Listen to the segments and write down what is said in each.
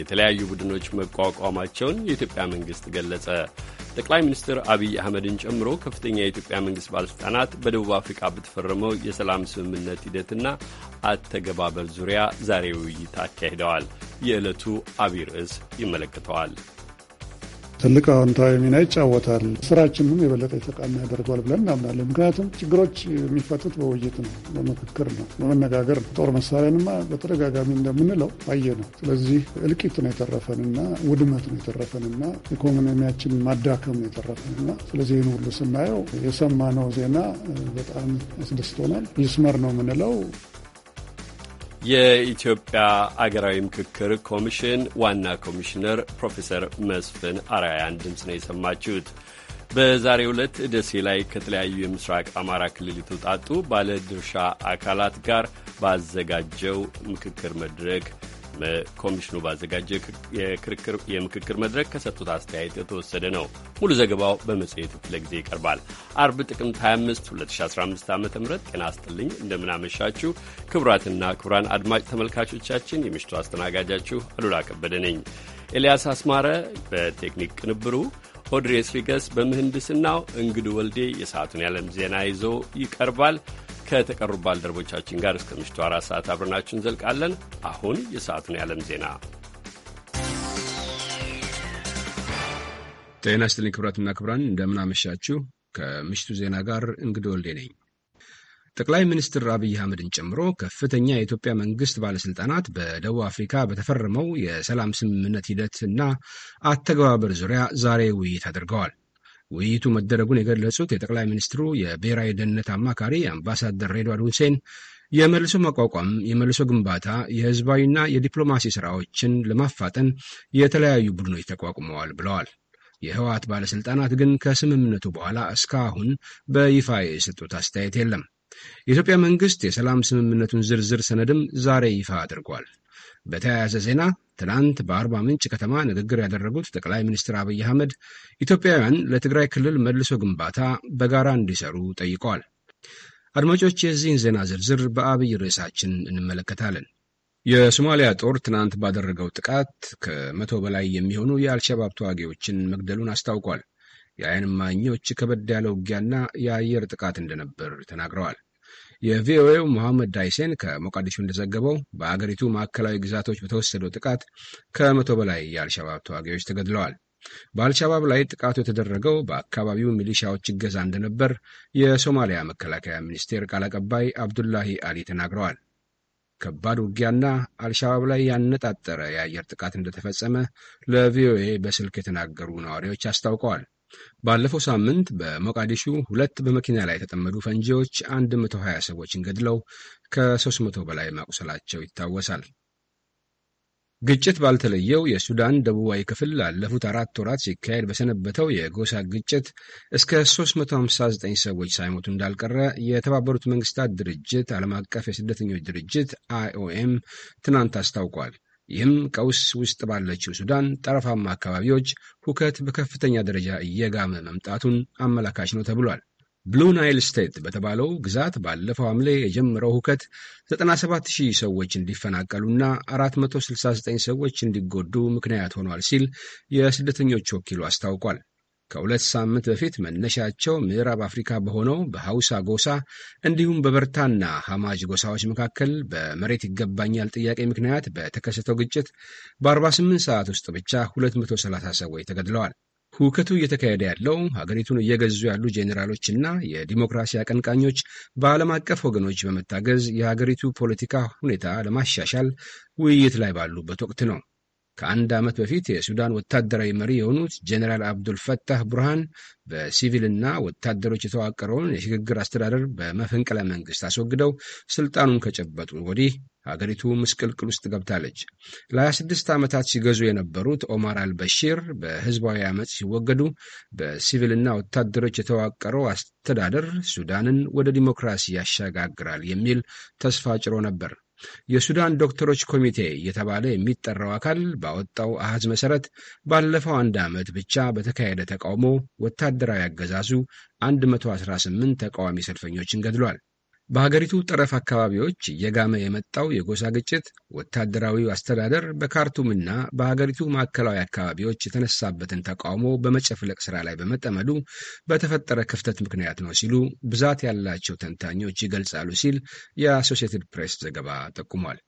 የተለያዩ ቡድኖች መቋቋማቸውን የኢትዮጵያ መንግሥት ገለጸ። ጠቅላይ ሚኒስትር አብይ አህመድን ጨምሮ ከፍተኛ የኢትዮጵያ መንግሥት ባለሥልጣናት በደቡብ አፍሪካ በተፈረመው የሰላም ስምምነት ሂደትና አተገባበር ዙሪያ ዛሬ ውይይት አካሂደዋል። የዕለቱ አብይ ርዕስ ይመለከተዋል። ትልቅ አዎንታዊ ሚና ይጫወታል። ስራችንም የበለጠ የተቃና ያደርጓል ብለን እናምናለን። ምክንያቱም ችግሮች የሚፈቱት በውይይት ነው፣ በምክክር ነው፣ በመነጋገር ነው። ጦር መሳሪያንማ በተደጋጋሚ እንደምንለው አየ ነው። ስለዚህ እልቂት ነው የተረፈንና ውድመት ነው የተረፈንና ኢኮኖሚያችን ማዳከም ነው የተረፈንና ስለዚህ ይህን ሁሉ ስናየው የሰማነው ዜና በጣም አስደስቶናል። ይስመር ነው የምንለው የኢትዮጵያ አገራዊ ምክክር ኮሚሽን ዋና ኮሚሽነር ፕሮፌሰር መስፍን አራያን ድምፅ ነው የሰማችሁት። በዛሬ ዕለት ደሴ ላይ ከተለያዩ የምስራቅ አማራ ክልል የተውጣጡ ባለድርሻ አካላት ጋር ባዘጋጀው ምክክር መድረክ በኮሚሽኑ ባዘጋጀ የምክክር መድረክ ከሰጡት አስተያየት የተወሰደ ነው። ሙሉ ዘገባው በመጽሔቱ ክፍለ ጊዜ ይቀርባል። አርብ ጥቅምት 25 2015 ዓ ም ጤና ይስጥልኝ። እንደምናመሻችሁ ክቡራትና ክቡራን አድማጭ ተመልካቾቻችን የምሽቱ አስተናጋጃችሁ አሉላ ከበደ ነኝ። ኤልያስ አስማረ በቴክኒክ ቅንብሩ ኦድሬስ ሪገስ በምህንድስናው እንግድ ወልዴ የሰዓቱን ያለም ዜና ይዞ ይቀርባል። ከተቀሩ ባልደረቦቻችን ጋር እስከ ምሽቱ አራት ሰዓት አብረናችሁ እንዘልቃለን። አሁን የሰዓቱን የዓለም ዜና ጤና ይስጥልኝ ክቡራትና ክቡራን፣ እንደምን አመሻችሁ። ከምሽቱ ዜና ጋር እንግዲህ ወልዴ ነኝ። ጠቅላይ ሚኒስትር አብይ አህመድን ጨምሮ ከፍተኛ የኢትዮጵያ መንግስት ባለስልጣናት በደቡብ አፍሪካ በተፈረመው የሰላም ስምምነት ሂደት እና አተገባበር ዙሪያ ዛሬ ውይይት አድርገዋል። ውይይቱ መደረጉን የገለጹት የጠቅላይ ሚኒስትሩ የብሔራዊ ደህንነት አማካሪ አምባሳደር ሬድዋርድ ሁሴን የመልሶ መቋቋም የመልሶ ግንባታ፣ የህዝባዊና የዲፕሎማሲ ስራዎችን ለማፋጠን የተለያዩ ቡድኖች ተቋቁመዋል ብለዋል። የህወሓት ባለሥልጣናት ግን ከስምምነቱ በኋላ እስካሁን በይፋ የሰጡት አስተያየት የለም። የኢትዮጵያ መንግሥት የሰላም ስምምነቱን ዝርዝር ሰነድም ዛሬ ይፋ አድርጓል። በተያያዘ ዜና ትናንት በአርባ ምንጭ ከተማ ንግግር ያደረጉት ጠቅላይ ሚኒስትር አብይ አህመድ ኢትዮጵያውያን ለትግራይ ክልል መልሶ ግንባታ በጋራ እንዲሰሩ ጠይቀዋል። አድማጮች የዚህን ዜና ዝርዝር በአብይ ርዕሳችን እንመለከታለን። የሶማሊያ ጦር ትናንት ባደረገው ጥቃት ከመቶ በላይ የሚሆኑ የአልሸባብ ተዋጊዎችን መግደሉን አስታውቋል። የአይን እማኞች ከበድ ያለ ውጊያና የአየር ጥቃት እንደነበር ተናግረዋል። የቪኦኤው መሐመድ ዳይሴን ከሞቃዲሾ እንደዘገበው በአገሪቱ ማዕከላዊ ግዛቶች በተወሰደው ጥቃት ከመቶ በላይ የአልሸባብ ተዋጊዎች ተገድለዋል። በአልሸባብ ላይ ጥቃቱ የተደረገው በአካባቢው ሚሊሻዎች እገዛ እንደነበር የሶማሊያ መከላከያ ሚኒስቴር ቃል አቀባይ አብዱላሂ አሊ ተናግረዋል። ከባድ ውጊያና አልሸባብ ላይ ያነጣጠረ የአየር ጥቃት እንደተፈጸመ ለቪኦኤ በስልክ የተናገሩ ነዋሪዎች አስታውቀዋል። ባለፈው ሳምንት በሞቃዲሹ ሁለት በመኪና ላይ የተጠመዱ ፈንጂዎች 120 ሰዎችን ገድለው ከ300 በላይ ማቁሰላቸው ይታወሳል። ግጭት ባልተለየው የሱዳን ደቡባዊ ክፍል ላለፉት አራት ወራት ሲካሄድ በሰነበተው የጎሳ ግጭት እስከ 359 ሰዎች ሳይሞቱ እንዳልቀረ የተባበሩት መንግስታት ድርጅት ዓለም አቀፍ የስደተኞች ድርጅት አይኦኤም ትናንት አስታውቋል። ይህም ቀውስ ውስጥ ባለችው ሱዳን ጠረፋማ አካባቢዎች ሁከት በከፍተኛ ደረጃ እየጋመ መምጣቱን አመላካች ነው ተብሏል። ብሉ ናይል ስቴት በተባለው ግዛት ባለፈው ሐምሌ የጀመረው ሁከት 97,000 ሰዎች እንዲፈናቀሉና 469 ሰዎች እንዲጎዱ ምክንያት ሆኗል ሲል የስደተኞች ወኪሉ አስታውቋል። ከሁለት ሳምንት በፊት መነሻቸው ምዕራብ አፍሪካ በሆነው በሐውሳ ጎሳ እንዲሁም በበርታና ሐማጅ ጎሳዎች መካከል በመሬት ይገባኛል ጥያቄ ምክንያት በተከሰተው ግጭት በ48 ሰዓት ውስጥ ብቻ 230 ሰዎች ተገድለዋል። ሁከቱ እየተካሄደ ያለው ሀገሪቱን እየገዙ ያሉ ጄኔራሎችና የዲሞክራሲ አቀንቃኞች በዓለም አቀፍ ወገኖች በመታገዝ የሀገሪቱ ፖለቲካ ሁኔታ ለማሻሻል ውይይት ላይ ባሉበት ወቅት ነው። ከአንድ ዓመት በፊት የሱዳን ወታደራዊ መሪ የሆኑት ጀኔራል አብዱልፈታህ ቡርሃን በሲቪልና ወታደሮች የተዋቀረውን የሽግግር አስተዳደር በመፈንቅለ መንግስት አስወግደው ስልጣኑን ከጨበጡ ወዲህ ሀገሪቱ ምስቅልቅል ውስጥ ገብታለች። ለ26 ዓመታት ሲገዙ የነበሩት ኦማር አልበሺር በህዝባዊ ዓመፅ ሲወገዱ በሲቪልና ወታደሮች የተዋቀረው አስተዳደር ሱዳንን ወደ ዲሞክራሲ ያሸጋግራል የሚል ተስፋ ጭሮ ነበር። የሱዳን ዶክተሮች ኮሚቴ እየተባለ የሚጠራው አካል ባወጣው አሃዝ መሠረት ባለፈው አንድ ዓመት ብቻ በተካሄደ ተቃውሞ ወታደራዊ አገዛዙ 118 ተቃዋሚ ሰልፈኞችን ገድሏል። በሀገሪቱ ጠረፍ አካባቢዎች እየጋመ የመጣው የጎሳ ግጭት ወታደራዊው አስተዳደር በካርቱምና በሀገሪቱ ማዕከላዊ አካባቢዎች የተነሳበትን ተቃውሞ በመጨፍለቅ ስራ ላይ በመጠመዱ በተፈጠረ ክፍተት ምክንያት ነው ሲሉ ብዛት ያላቸው ተንታኞች ይገልጻሉ ሲል የአሶሺየትድ ፕሬስ ዘገባ ጠቁሟል።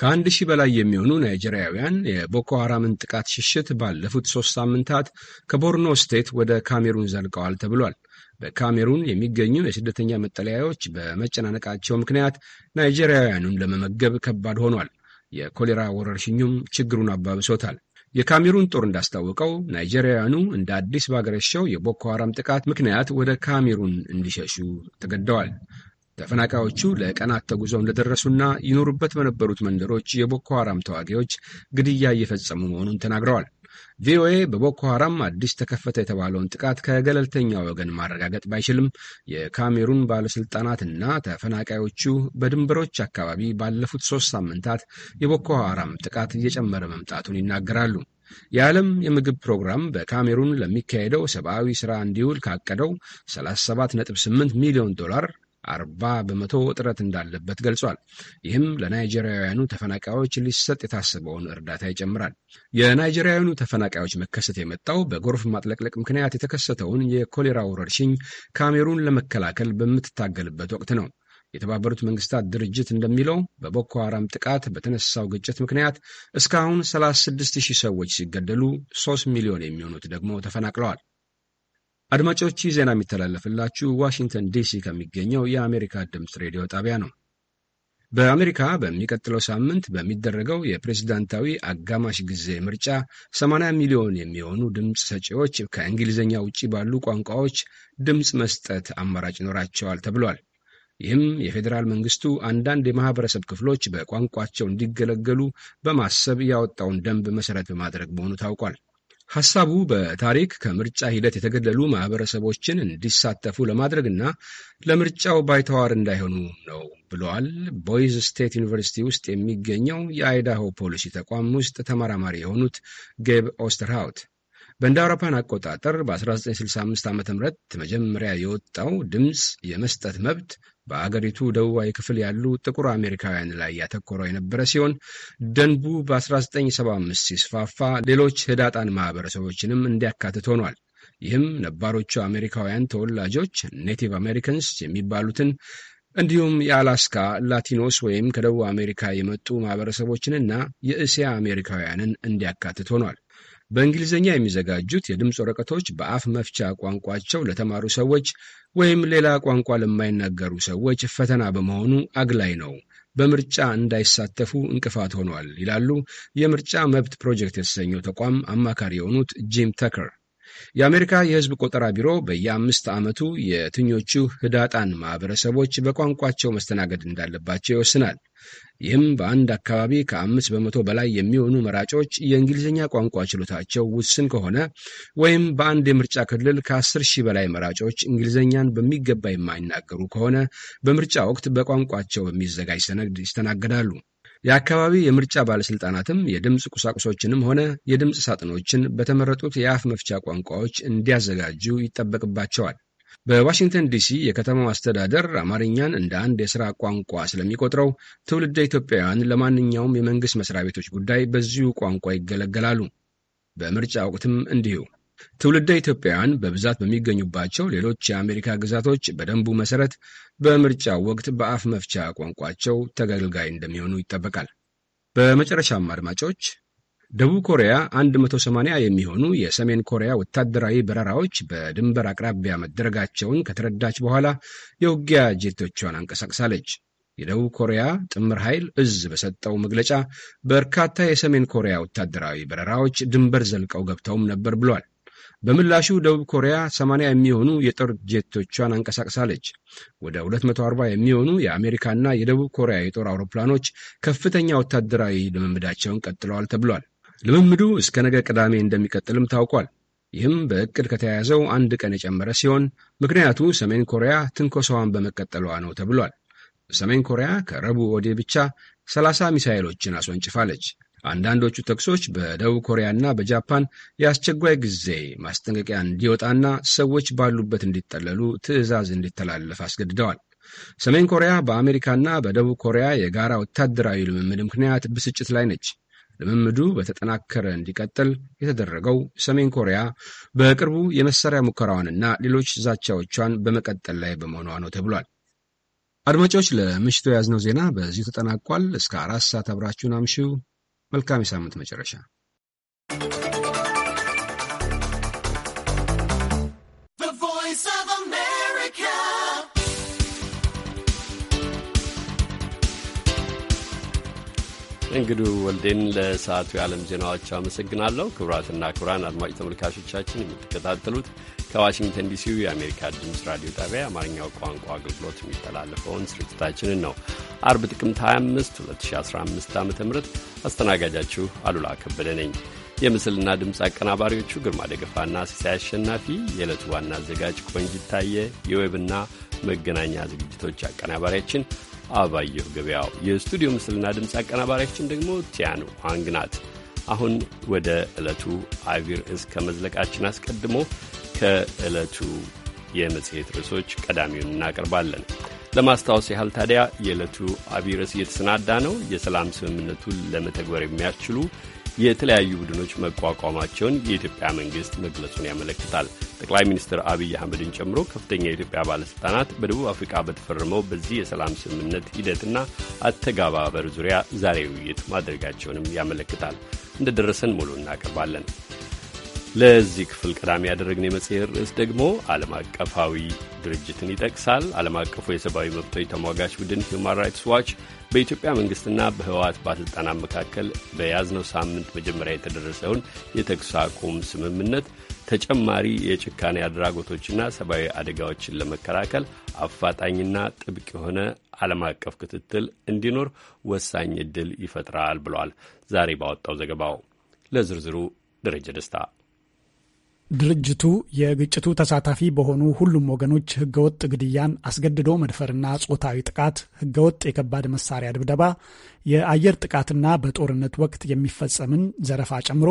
ከአንድ ሺህ በላይ የሚሆኑ ናይጄሪያውያን የቦኮ ሐራምን ጥቃት ሽሽት ባለፉት ሦስት ሳምንታት ከቦርኖ ስቴት ወደ ካሜሩን ዘልቀዋል ተብሏል። በካሜሩን የሚገኙ የስደተኛ መጠለያዎች በመጨናነቃቸው ምክንያት ናይጄሪያውያኑን ለመመገብ ከባድ ሆኗል። የኮሌራ ወረርሽኙም ችግሩን አባብሶታል። የካሜሩን ጦር እንዳስታወቀው ናይጄሪያውያኑ እንደ አዲስ ባገረሸው የቦኮ ሐራም ጥቃት ምክንያት ወደ ካሜሩን እንዲሸሹ ተገደዋል። ተፈናቃዮቹ ለቀናት ተጉዘው እንደደረሱና ይኖሩበት በነበሩት መንደሮች የቦኮ ሐራም ተዋጊዎች ግድያ እየፈጸሙ መሆኑን ተናግረዋል። ቪኦኤ በቦኮ ሐራም አዲስ ተከፈተ የተባለውን ጥቃት ከገለልተኛ ወገን ማረጋገጥ ባይችልም የካሜሩን ባለሥልጣናትና ተፈናቃዮቹ በድንበሮች አካባቢ ባለፉት ሦስት ሳምንታት የቦኮ ሐራም ጥቃት እየጨመረ መምጣቱን ይናገራሉ። የዓለም የምግብ ፕሮግራም በካሜሩን ለሚካሄደው ሰብአዊ ሥራ እንዲውል ካቀደው 37.8 ሚሊዮን ዶላር አርባ በመቶ እጥረት እንዳለበት ገልጿል። ይህም ለናይጄሪያውያኑ ተፈናቃዮች ሊሰጥ የታሰበውን እርዳታ ይጨምራል። የናይጄሪያውያኑ ተፈናቃዮች መከሰት የመጣው በጎርፍ ማጥለቅለቅ ምክንያት የተከሰተውን የኮሌራ ወረርሽኝ ካሜሩን ለመከላከል በምትታገልበት ወቅት ነው። የተባበሩት መንግስታት ድርጅት እንደሚለው በቦኮ ሐራም ጥቃት በተነሳው ግጭት ምክንያት እስካሁን 36 ሺህ ሰዎች ሲገደሉ 3 ሚሊዮን የሚሆኑት ደግሞ ተፈናቅለዋል። አድማጮች ይህ ዜና የሚተላለፍላችሁ ዋሽንግተን ዲሲ ከሚገኘው የአሜሪካ ድምፅ ሬዲዮ ጣቢያ ነው። በአሜሪካ በሚቀጥለው ሳምንት በሚደረገው የፕሬዝዳንታዊ አጋማሽ ጊዜ ምርጫ 80 ሚሊዮን የሚሆኑ ድምፅ ሰጪዎች ከእንግሊዝኛ ውጭ ባሉ ቋንቋዎች ድምፅ መስጠት አማራጭ ይኖራቸዋል ተብሏል። ይህም የፌዴራል መንግስቱ አንዳንድ የማህበረሰብ ክፍሎች በቋንቋቸው እንዲገለገሉ በማሰብ ያወጣውን ደንብ መሰረት በማድረግ መሆኑ ታውቋል። ሐሳቡ በታሪክ ከምርጫ ሂደት የተገለሉ ማኅበረሰቦችን እንዲሳተፉ ለማድረግና ለምርጫው ባይተዋር እንዳይሆኑ ነው ብለዋል። ቦይዝ ስቴት ዩኒቨርሲቲ ውስጥ የሚገኘው የአይዳሆ ፖሊሲ ተቋም ውስጥ ተመራማሪ የሆኑት ጌብ ኦስተርሃውት በእንደ አውሮፓን አቆጣጠር በ1965 ዓ ም መጀመሪያ የወጣው ድምፅ የመስጠት መብት በአገሪቱ ደቡባዊ ክፍል ያሉ ጥቁር አሜሪካውያን ላይ ያተኮረ የነበረ ሲሆን ደንቡ በ1975 ሲስፋፋ ሌሎች ህዳጣን ማህበረሰቦችንም እንዲያካትት ሆኗል። ይህም ነባሮቹ አሜሪካውያን ተወላጆች ኔቲቭ አሜሪካንስ የሚባሉትን እንዲሁም የአላስካ ላቲኖስ ወይም ከደቡብ አሜሪካ የመጡ ማህበረሰቦችንና የእስያ አሜሪካውያንን እንዲያካትት ሆኗል። በእንግሊዝኛ የሚዘጋጁት የድምፅ ወረቀቶች በአፍ መፍቻ ቋንቋቸው ለተማሩ ሰዎች ወይም ሌላ ቋንቋ ለማይናገሩ ሰዎች ፈተና በመሆኑ አግላይ ነው፣ በምርጫ እንዳይሳተፉ እንቅፋት ሆኗል ይላሉ የምርጫ መብት ፕሮጀክት የተሰኘው ተቋም አማካሪ የሆኑት ጂም ተከር። የአሜሪካ የሕዝብ ቆጠራ ቢሮ በየአምስት ዓመቱ የትኞቹ ህዳጣን ማኅበረሰቦች በቋንቋቸው መስተናገድ እንዳለባቸው ይወስናል። ይህም በአንድ አካባቢ ከአምስት በመቶ በላይ የሚሆኑ መራጮች የእንግሊዝኛ ቋንቋ ችሎታቸው ውስን ከሆነ ወይም በአንድ የምርጫ ክልል ከአስር ሺህ በላይ መራጮች እንግሊዝኛን በሚገባ የማይናገሩ ከሆነ በምርጫ ወቅት በቋንቋቸው በሚዘጋጅ ሰነድ ይስተናገዳሉ። የአካባቢ የምርጫ ባለሥልጣናትም የድምፅ ቁሳቁሶችንም ሆነ የድምፅ ሳጥኖችን በተመረጡት የአፍ መፍቻ ቋንቋዎች እንዲያዘጋጁ ይጠበቅባቸዋል። በዋሽንግተን ዲሲ የከተማው አስተዳደር አማርኛን እንደ አንድ የሥራ ቋንቋ ስለሚቆጥረው ትውልደ ኢትዮጵያውያን ለማንኛውም የመንግሥት መሥሪያ ቤቶች ጉዳይ በዚሁ ቋንቋ ይገለገላሉ። በምርጫ ወቅትም እንዲሁ ትውልደ ኢትዮጵያውያን በብዛት በሚገኙባቸው ሌሎች የአሜሪካ ግዛቶች በደንቡ መሠረት በምርጫው ወቅት በአፍ መፍቻ ቋንቋቸው ተገልጋይ እንደሚሆኑ ይጠበቃል። በመጨረሻም አድማጮች ደቡብ ኮሪያ 180 የሚሆኑ የሰሜን ኮሪያ ወታደራዊ በረራዎች በድንበር አቅራቢያ መደረጋቸውን ከተረዳች በኋላ የውጊያ ጄቶቿን አንቀሳቅሳለች። የደቡብ ኮሪያ ጥምር ኃይል እዝ በሰጠው መግለጫ በርካታ የሰሜን ኮሪያ ወታደራዊ በረራዎች ድንበር ዘልቀው ገብተውም ነበር ብሏል። በምላሹ ደቡብ ኮሪያ 80 የሚሆኑ የጦር ጄቶቿን አንቀሳቅሳለች። ወደ 240 የሚሆኑ የአሜሪካና የደቡብ ኮሪያ የጦር አውሮፕላኖች ከፍተኛ ወታደራዊ ልምምዳቸውን ቀጥለዋል ተብሏል። ልምምዱ እስከ ነገ ቅዳሜ እንደሚቀጥልም ታውቋል። ይህም በዕቅድ ከተያያዘው አንድ ቀን የጨመረ ሲሆን ምክንያቱ ሰሜን ኮሪያ ትንኮሳዋን በመቀጠሏ ነው ተብሏል። ሰሜን ኮሪያ ከረቡዕ ወዲህ ብቻ 30 ሚሳይሎችን አስወንጭፋለች። አንዳንዶቹ ተኩሶች በደቡብ ኮሪያና በጃፓን የአስቸኳይ ጊዜ ማስጠንቀቂያ እንዲወጣና ሰዎች ባሉበት እንዲጠለሉ ትዕዛዝ እንዲተላለፍ አስገድደዋል። ሰሜን ኮሪያ በአሜሪካና በደቡብ ኮሪያ የጋራ ወታደራዊ ልምምድ ምክንያት ብስጭት ላይ ነች። ልምምዱ በተጠናከረ እንዲቀጥል የተደረገው ሰሜን ኮሪያ በቅርቡ የመሳሪያ ሙከራዋንና ሌሎች ዛቻዎቿን በመቀጠል ላይ በመሆኗ ነው ተብሏል። አድማጮች፣ ለምሽቱ የያዝነው ዜና በዚሁ ተጠናቋል። እስከ አራት ሰዓት አብራችሁን አምሽው። መልካም የሳምንት መጨረሻ እንግዱ ወልዴን ለሰዓቱ የዓለም ዜናዎች አመሰግናለሁ። ክቡራትና ክቡራን አድማጭ ተመልካቾቻችን የምትከታተሉት ከዋሽንግተን ዲሲው የአሜሪካ ድምፅ ራዲዮ ጣቢያ የአማርኛው ቋንቋ አገልግሎት የሚተላለፈውን ስርጭታችንን ነው። አርብ ጥቅምት 25 2015 ዓ ም አስተናጋጃችሁ አሉላ ከበደ ነኝ። የምስልና ድምፅ አቀናባሪዎቹ ግርማ ደገፋና ሲሳይ አሸናፊ፣ የዕለቱ ዋና አዘጋጅ ቆንጅታየ፣ የዌብና መገናኛ ዝግጅቶች አቀናባሪያችን አባየሁ ገበያው፣ የስቱዲዮ ምስልና ድምፅ አቀናባሪያችን ደግሞ ቲያኑ ዋንግ ናት። አሁን ወደ ዕለቱ አቢር እስከ መዝለቃችን አስቀድሞ ከዕለቱ የመጽሔት ርዕሶች ቀዳሚውን እናቀርባለን። ለማስታወስ ያህል ታዲያ የዕለቱ አቢይ ርዕስ እየተሰናዳ ነው። የሰላም ስምምነቱን ለመተግበር የሚያስችሉ የተለያዩ ቡድኖች መቋቋማቸውን የኢትዮጵያ መንግስት መግለጹን ያመለክታል። ጠቅላይ ሚኒስትር አብይ አህመድን ጨምሮ ከፍተኛ የኢትዮጵያ ባለሥልጣናት በደቡብ አፍሪካ በተፈረመው በዚህ የሰላም ስምምነት ሂደትና አተገባበር ዙሪያ ዛሬ ውይይት ማድረጋቸውንም ያመለክታል። እንደደረሰን ሙሉ እናቀርባለን። ለዚህ ክፍል ቀዳሚ ያደረግን የመጽሔት ርዕስ ደግሞ ዓለም አቀፋዊ ድርጅትን ይጠቅሳል። ዓለም አቀፉ የሰብአዊ መብቶች ተሟጋች ቡድን ሁማን ራይትስ ዋች በኢትዮጵያ መንግስትና በህወሓት ባለሥልጣናት መካከል በያዝነው ሳምንት መጀመሪያ የተደረሰውን የተኩስ አቁም ስምምነት ተጨማሪ የጭካኔ አድራጎቶችና ሰብአዊ አደጋዎችን ለመከላከል አፋጣኝና ጥብቅ የሆነ ዓለም አቀፍ ክትትል እንዲኖር ወሳኝ ዕድል ይፈጥራል ብሏል ዛሬ ባወጣው ዘገባው። ለዝርዝሩ ደረጀ ደስታ ድርጅቱ የግጭቱ ተሳታፊ በሆኑ ሁሉም ወገኖች ህገወጥ ግድያን፣ አስገድዶ መድፈርና ጾታዊ ጥቃት፣ ህገወጥ የከባድ መሳሪያ ድብደባ፣ የአየር ጥቃትና በጦርነት ወቅት የሚፈጸምን ዘረፋ ጨምሮ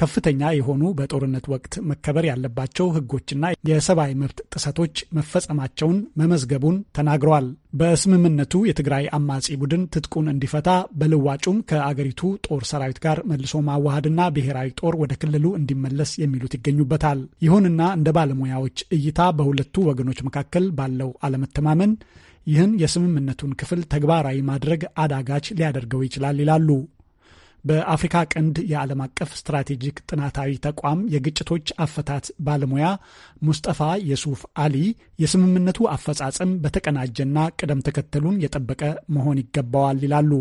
ከፍተኛ የሆኑ በጦርነት ወቅት መከበር ያለባቸው ሕጎችና የሰብአዊ መብት ጥሰቶች መፈጸማቸውን መመዝገቡን ተናግረዋል። በስምምነቱ የትግራይ አማጺ ቡድን ትጥቁን እንዲፈታ በልዋጩም ከአገሪቱ ጦር ሰራዊት ጋር መልሶ ማዋሃድና ብሔራዊ ጦር ወደ ክልሉ እንዲመለስ የሚሉት ይገኙበታል። ይሁንና እንደ ባለሙያዎች እይታ በሁለቱ ወገኖች መካከል ባለው አለመተማመን ይህን የስምምነቱን ክፍል ተግባራዊ ማድረግ አዳጋች ሊያደርገው ይችላል ይላሉ። በአፍሪካ ቀንድ የዓለም አቀፍ ስትራቴጂክ ጥናታዊ ተቋም የግጭቶች አፈታት ባለሙያ ሙስጠፋ የሱፍ አሊ የስምምነቱ አፈጻጸም በተቀናጀና ቅደም ተከተሉን የጠበቀ መሆን ይገባዋል ይላሉ።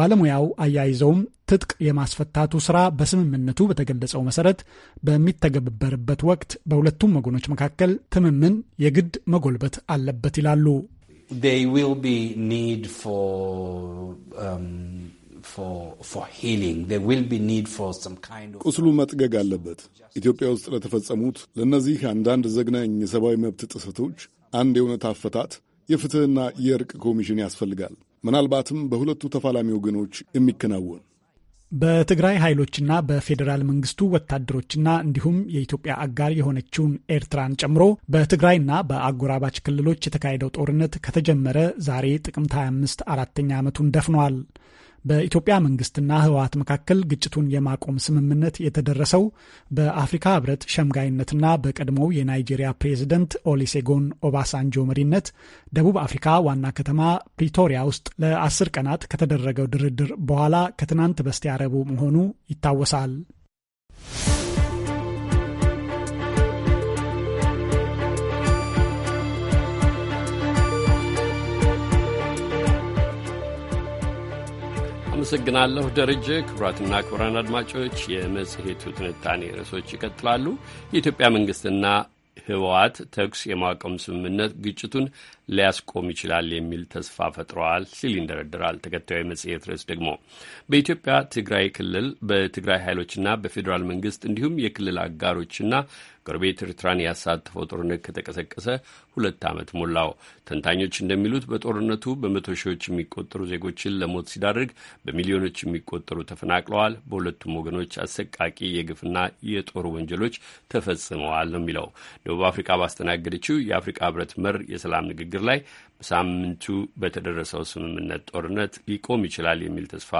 ባለሙያው አያይዘውም ትጥቅ የማስፈታቱ ስራ በስምምነቱ በተገለጸው መሰረት በሚተገበርበት ወቅት በሁለቱም ወገኖች መካከል ትምምን የግድ መጎልበት አለበት ይላሉ። there will be need for um, for for healing. There will be need for some kind of ቁስሉ መጥገግ አለበት። ኢትዮጵያ ውስጥ ለተፈጸሙት ለእነዚህ አንዳንድ ዘግናኝ የሰብአዊ መብት ጥሰቶች አንድ የእውነት አፈታት የፍትህና የእርቅ ኮሚሽን ያስፈልጋል። ምናልባትም በሁለቱ ተፋላሚ ወገኖች የሚከናወን በትግራይ ኃይሎችና በፌዴራል መንግስቱ ወታደሮችና እንዲሁም የኢትዮጵያ አጋር የሆነችውን ኤርትራን ጨምሮ በትግራይና በአጎራባች ክልሎች የተካሄደው ጦርነት ከተጀመረ ዛሬ ጥቅምት 25 አራተኛ ዓመቱን ደፍኗል። በኢትዮጵያ መንግስትና ህወሀት መካከል ግጭቱን የማቆም ስምምነት የተደረሰው በአፍሪካ ህብረት ሸምጋይነትና በቀድሞው የናይጄሪያ ፕሬዝደንት ኦሊሴጎን ኦባሳንጆ መሪነት ደቡብ አፍሪካ ዋና ከተማ ፕሪቶሪያ ውስጥ ለአስር ቀናት ከተደረገው ድርድር በኋላ ከትናንት በስቲያ ረቡዕ መሆኑ ይታወሳል። አመሰግናለሁ ደረጀ። ክቡራትና ክቡራን አድማጮች የመጽሔቱ ትንታኔ ርዕሶች ይቀጥላሉ። የኢትዮጵያ መንግስትና ህወሓት ተኩስ የማቆም ስምምነት ግጭቱን ሊያስቆም ይችላል የሚል ተስፋ ፈጥረዋል ሲል ይንደረድራል። ተከታዩ መጽሔት ርዕስ ደግሞ በኢትዮጵያ ትግራይ ክልል በትግራይ ኃይሎችና በፌዴራል መንግስት እንዲሁም የክልል አጋሮችና ጎረቤት ኤርትራን ያሳተፈው ጦርነት ከተቀሰቀሰ ሁለት ዓመት ሞላው። ተንታኞች እንደሚሉት በጦርነቱ በመቶ ሺዎች የሚቆጠሩ ዜጎችን ለሞት ሲዳርግ በሚሊዮኖች የሚቆጠሩ ተፈናቅለዋል። በሁለቱም ወገኖች አሰቃቂ የግፍና የጦር ወንጀሎች ተፈጽመዋል ነው የሚለው። ደቡብ አፍሪካ ባስተናገደችው የአፍሪካ ህብረት መር የሰላም ንግግር ላይ ሳምንቱ በተደረሰው ስምምነት ጦርነት ሊቆም ይችላል የሚል ተስፋ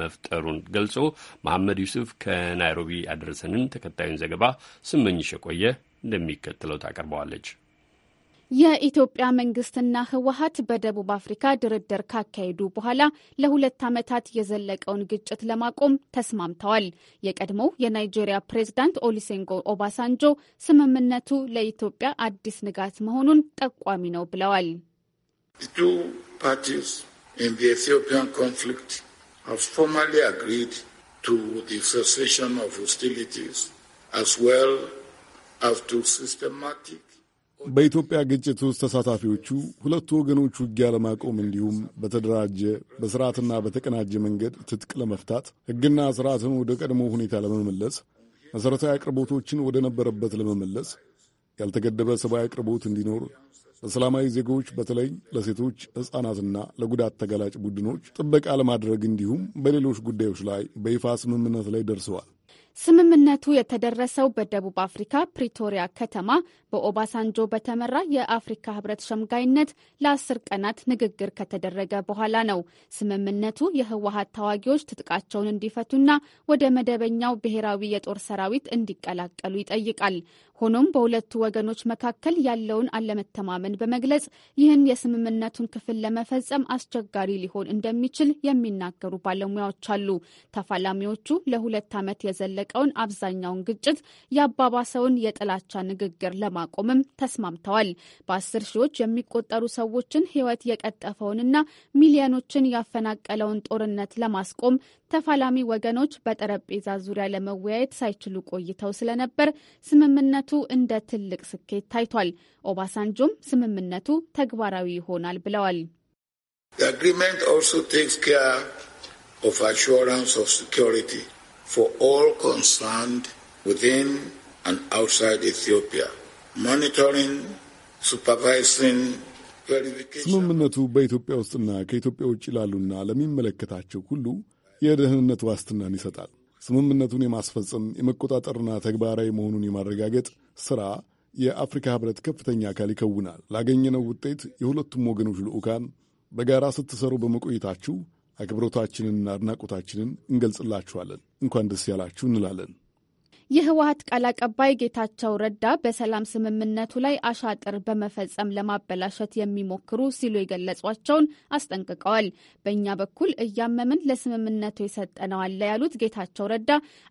መፍጠሩን ገልጾ መሐመድ ዩሱፍ ከናይሮቢ ያደረሰንን ተከታዩን ዘገባ ስመኝሽ የቆየ እንደሚከተለው ታቀርበዋለች። የኢትዮጵያ መንግስትና ህወሀት በደቡብ አፍሪካ ድርድር ካካሄዱ በኋላ ለሁለት ዓመታት የዘለቀውን ግጭት ለማቆም ተስማምተዋል። የቀድሞው የናይጄሪያ ፕሬዝዳንት ኦሊሴንጎ ኦባሳንጆ ስምምነቱ ለኢትዮጵያ አዲስ ንጋት መሆኑን ጠቋሚ ነው ብለዋል። The two parties in the Ethiopian conflict have formally agreed to the cessation of hostilities as well as to systematic በኢትዮጵያ ግጭት ውስጥ ተሳታፊዎቹ ሁለቱ ወገኖች ውጊያ ለማቆም እንዲሁም በተደራጀ በስርዓትና በተቀናጀ መንገድ ትጥቅ ለመፍታት ሕግና ስርዓትን ወደ ቀድሞ ሁኔታ ለመመለስ መሠረታዊ አቅርቦቶችን ወደ ነበረበት ለመመለስ ያልተገደበ ሰብአዊ አቅርቦት እንዲኖር ለሰላማዊ ዜጎች በተለይ ለሴቶች ሕፃናትና ለጉዳት ተጋላጭ ቡድኖች ጥበቃ ለማድረግ እንዲሁም በሌሎች ጉዳዮች ላይ በይፋ ስምምነት ላይ ደርሰዋል። ስምምነቱ የተደረሰው በደቡብ አፍሪካ ፕሪቶሪያ ከተማ በኦባሳንጆ በተመራ የአፍሪካ ህብረት ሸምጋይነት ለአስር ቀናት ንግግር ከተደረገ በኋላ ነው። ስምምነቱ የህወሀት ታዋጊዎች ትጥቃቸውን እንዲፈቱና ወደ መደበኛው ብሔራዊ የጦር ሰራዊት እንዲቀላቀሉ ይጠይቃል። ሆኖም በሁለቱ ወገኖች መካከል ያለውን አለመተማመን በመግለጽ ይህን የስምምነቱን ክፍል ለመፈጸም አስቸጋሪ ሊሆን እንደሚችል የሚናገሩ ባለሙያዎች አሉ። ተፋላሚዎቹ ለሁለት ዓመት የዘለቀ የዘለቀውን አብዛኛውን ግጭት የአባባሰውን የጥላቻ ንግግር ለማቆምም ተስማምተዋል። በአስር ሺዎች የሚቆጠሩ ሰዎችን ሕይወት የቀጠፈውንና ሚሊዮኖችን ያፈናቀለውን ጦርነት ለማስቆም ተፋላሚ ወገኖች በጠረጴዛ ዙሪያ ለመወያየት ሳይችሉ ቆይተው ስለነበር ስምምነቱ እንደ ትልቅ ስኬት ታይቷል። ኦባሳንጆም ስምምነቱ ተግባራዊ ይሆናል ብለዋል። The agreement also takes care of assurance of security. for all concerned within and outside Ethiopia, monitoring, supervising, ስምምነቱ በኢትዮጵያ ውስጥና ከኢትዮጵያ ውጭ ላሉና ለሚመለከታቸው ሁሉ የደህንነት ዋስትናን ይሰጣል። ስምምነቱን የማስፈጸም የመቆጣጠርና ተግባራዊ መሆኑን የማረጋገጥ ሥራ የአፍሪካ ሕብረት ከፍተኛ አካል ይከውናል። ላገኘነው ውጤት የሁለቱም ወገኖች ልዑካን በጋራ ስትሰሩ በመቆየታችሁ አክብሮታችንንና አድናቆታችንን እንገልጽላችኋለን። እንኳን ደስ ያላችሁ እንላለን። የህወሀት ቃል አቀባይ ጌታቸው ረዳ በሰላም ስምምነቱ ላይ አሻጥር በመፈጸም ለማበላሸት የሚሞክሩ ሲሉ የገለጿቸውን አስጠንቅቀዋል። በእኛ በኩል እያመምን ለስምምነቱ የሰጠነው አለ ያሉት ጌታቸው ረዳ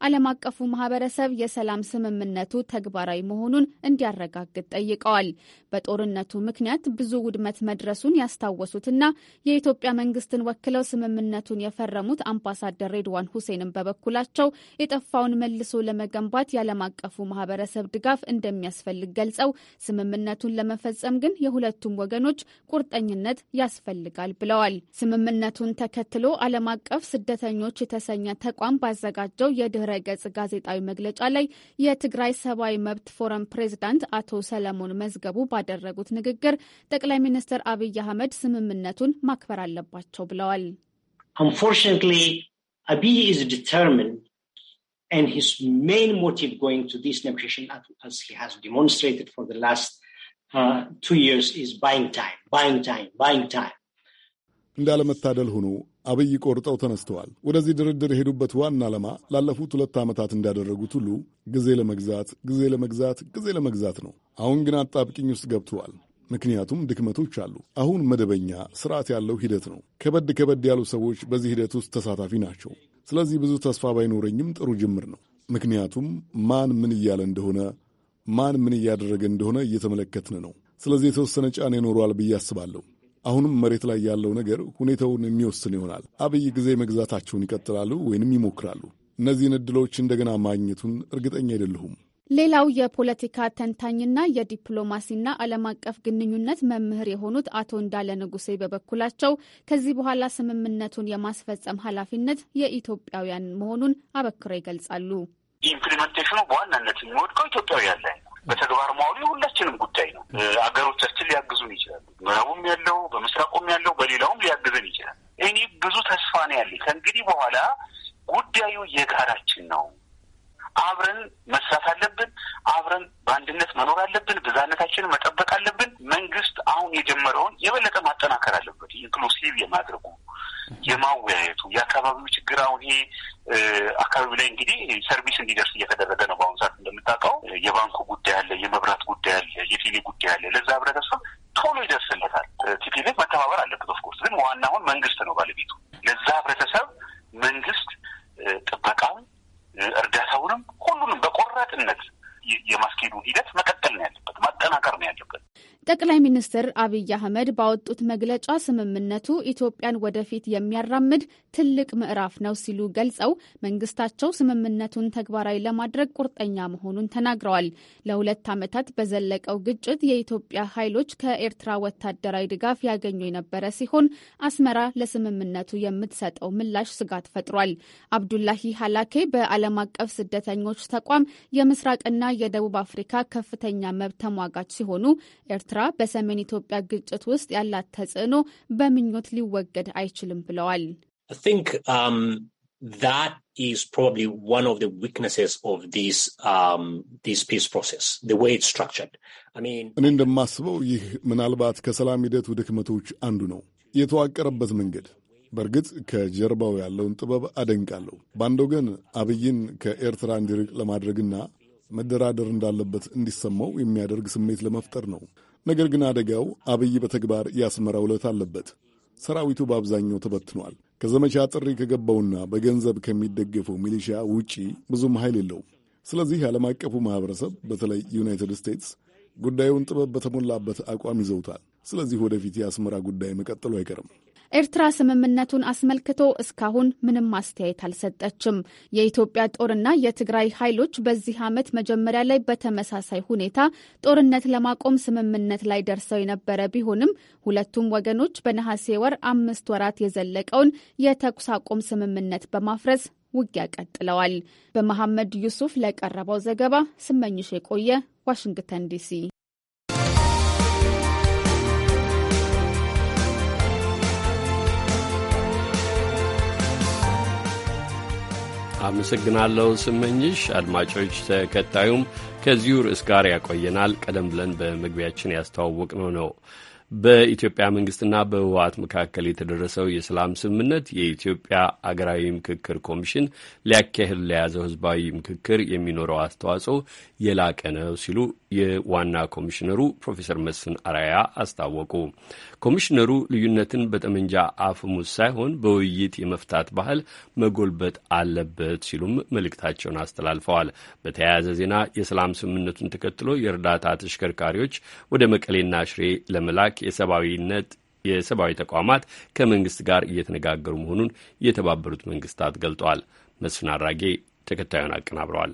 ዓለም አቀፉ ማህበረሰብ የሰላም ስምምነቱ ተግባራዊ መሆኑን እንዲያረጋግጥ ጠይቀዋል። በጦርነቱ ምክንያት ብዙ ውድመት መድረሱን ያስታወሱትና የኢትዮጵያ መንግስትን ወክለው ስምምነቱን የፈረሙት አምባሳደር ሬድዋን ሁሴንም በበኩላቸው የጠፋውን መልሶ ለመገ ለመገንባት የዓለም አቀፉ ማህበረሰብ ድጋፍ እንደሚያስፈልግ ገልጸው ስምምነቱን ለመፈጸም ግን የሁለቱም ወገኖች ቁርጠኝነት ያስፈልጋል ብለዋል። ስምምነቱን ተከትሎ ዓለም አቀፍ ስደተኞች የተሰኘ ተቋም ባዘጋጀው የድህረ ገጽ ጋዜጣዊ መግለጫ ላይ የትግራይ ሰብአዊ መብት ፎረም ፕሬዝዳንት አቶ ሰለሞን መዝገቡ ባደረጉት ንግግር ጠቅላይ ሚኒስትር አብይ አህመድ ስምምነቱን ማክበር አለባቸው ብለዋል። Unfortunately, Abiy is determined And his main motive going to this negotiation, as he has demonstrated for the last uh, two years, is buying time, buying time, buying time. እንዳለመታደል ሆኖ አብይ ቆርጠው ተነስተዋል። ወደዚህ ድርድር የሄዱበት ዋና ዓላማ ላለፉት ሁለት ዓመታት እንዳደረጉት ሁሉ ጊዜ ለመግዛት ጊዜ ለመግዛት ጊዜ ለመግዛት ነው። አሁን ግን አጣብቂኝ ውስጥ ገብተዋል። ምክንያቱም ድክመቶች አሉ። አሁን መደበኛ ስርዓት ያለው ሂደት ነው። ከበድ ከበድ ያሉ ሰዎች በዚህ ሂደት ውስጥ ተሳታፊ ናቸው። ስለዚህ ብዙ ተስፋ ባይኖረኝም ጥሩ ጅምር ነው። ምክንያቱም ማን ምን እያለ እንደሆነ ማን ምን እያደረገ እንደሆነ እየተመለከትን ነው። ስለዚህ የተወሰነ ጫና ይኖረዋል ብዬ አስባለሁ። አሁንም መሬት ላይ ያለው ነገር ሁኔታውን የሚወስን ይሆናል። አብይ ጊዜ መግዛታቸውን ይቀጥላሉ ወይንም ይሞክራሉ። እነዚህን ዕድሎች እንደገና ማግኘቱን እርግጠኛ አይደለሁም። ሌላው የፖለቲካ ተንታኝና የዲፕሎማሲና ዓለም አቀፍ ግንኙነት መምህር የሆኑት አቶ እንዳለ ንጉሴ በበኩላቸው ከዚህ በኋላ ስምምነቱን የማስፈጸም ኃላፊነት የኢትዮጵያውያን መሆኑን አበክረው ይገልጻሉ። ኢምፕሊመንቴሽኑ በዋናነት የሚወድቀው ኢትዮጵያውያን ላይ ነው። በተግባር ማዋሉ የሁላችንም ጉዳይ ነው። አገሮቻችን ሊያግዙን ይችላሉ። ምዕራቡም ያለው በምስራቁም ያለው በሌላውም ሊያግዘን ይችላል። እኔ ብዙ ተስፋ ነው ያለኝ። ከእንግዲህ በኋላ ጉዳዩ የጋራችን ነው። አብረን መስራት አለብን። አብረን በአንድነት መኖር አለብን። ብዛነታችንን መጠበቅ አለብን። መንግስት አሁን የጀመረውን የበለጠ ማጠናከር አለበት። ኢንክሉሲቭ የማድረጉ የማወያየቱ የአካባቢው ችግር አሁን ይሄ አካባቢ ላይ እንግዲህ ሰርቪስ እንዲደርስ እየተደረገ ነው። በአሁኑ ሰዓት እንደምታውቀው የባንኩ ጉዳይ አለ፣ የመብራት ጉዳይ አለ፣ የቴሌ ጉዳይ አለ። ለዛ ህብረተሰብ ቶሎ ይደርስለታል። ቲፒኤልኤፍ መተባበር አለበት። ኦፍኮርስ ግን ዋናውን መንግስት ነው ባለቤቱ። ለዛ ህብረተሰብ መንግስት ጠቅላይ ሚኒስትር አብይ አህመድ ባወጡት መግለጫ ስምምነቱ ኢትዮጵያን ወደፊት የሚያራምድ ትልቅ ምዕራፍ ነው ሲሉ ገልጸው መንግስታቸው ስምምነቱን ተግባራዊ ለማድረግ ቁርጠኛ መሆኑን ተናግረዋል። ለሁለት ዓመታት በዘለቀው ግጭት የኢትዮጵያ ኃይሎች ከኤርትራ ወታደራዊ ድጋፍ ያገኙ የነበረ ሲሆን አስመራ ለስምምነቱ የምትሰጠው ምላሽ ስጋት ፈጥሯል። አብዱላሂ ሀላኬ በዓለም አቀፍ ስደተኞች ተቋም የምስራቅና የደቡብ አፍሪካ ከፍተኛ መብት ተሟጋች ሲሆኑ ኤርትራ ኤርትራ በሰሜን ኢትዮጵያ ግጭት ውስጥ ያላት ተጽዕኖ በምኞት ሊወገድ አይችልም ብለዋል። እኔ እንደማስበው ይህ ምናልባት ከሰላም ሂደቱ ድክመቶች አንዱ ነው፣ የተዋቀረበት መንገድ በእርግጥ ከጀርባው ያለውን ጥበብ አደንቃለሁ። በአንድ ወገን አብይን ከኤርትራ እንዲርቅ ለማድረግና መደራደር እንዳለበት እንዲሰማው የሚያደርግ ስሜት ለመፍጠር ነው። ነገር ግን አደጋው አብይ በተግባር ያስመራ ውለት አለበት። ሰራዊቱ በአብዛኛው ተበትኗል። ከዘመቻ ጥሪ ከገባውና በገንዘብ ከሚደገፈው ሚሊሻ ውጪ ብዙም ኃይል የለውም። ስለዚህ ዓለም አቀፉ ማኅበረሰብ በተለይ ዩናይትድ ስቴትስ ጉዳዩን ጥበብ በተሞላበት አቋም ይዘውታል። ስለዚህ ወደፊት የአስመራ ጉዳይ መቀጠሉ አይቀርም። ኤርትራ ስምምነቱን አስመልክቶ እስካሁን ምንም አስተያየት አልሰጠችም። የኢትዮጵያ ጦርና የትግራይ ኃይሎች በዚህ ዓመት መጀመሪያ ላይ በተመሳሳይ ሁኔታ ጦርነት ለማቆም ስምምነት ላይ ደርሰው የነበረ ቢሆንም ሁለቱም ወገኖች በነሐሴ ወር አምስት ወራት የዘለቀውን የተኩስ አቁም ስምምነት በማፍረስ ውጊያ ቀጥለዋል። በመሐመድ ዩሱፍ ለቀረበው ዘገባ ስመኝሽ የቆየ ዋሽንግተን ዲሲ አመሰግናለሁ ስመኝሽ። አድማጮች፣ ተከታዩም ከዚሁ ርዕስ ጋር ያቆየናል። ቀደም ብለን በመግቢያችን ያስተዋወቅ ነው። በኢትዮጵያ መንግስትና በህወሀት መካከል የተደረሰው የሰላም ስምምነት የኢትዮጵያ አገራዊ ምክክር ኮሚሽን ሊያካሄድ ለያዘው ህዝባዊ ምክክር የሚኖረው አስተዋጽኦ የላቀ ነው ሲሉ የዋና ኮሚሽነሩ ፕሮፌሰር መስፍን አራያ አስታወቁ። ኮሚሽነሩ ልዩነትን በጠመንጃ አፍሙዝ ሳይሆን በውይይት የመፍታት ባህል መጎልበት አለበት ሲሉም መልእክታቸውን አስተላልፈዋል። በተያያዘ ዜና የሰላም ስምምነቱን ተከትሎ የእርዳታ ተሽከርካሪዎች ወደ መቀሌና ሽሬ ለመላክ የሰብአዊነት የሰብአዊ ተቋማት ከመንግስት ጋር እየተነጋገሩ መሆኑን የተባበሩት መንግስታት ገልጠዋል። መስፍን አራጌ ተከታዩን አቀናብረዋል።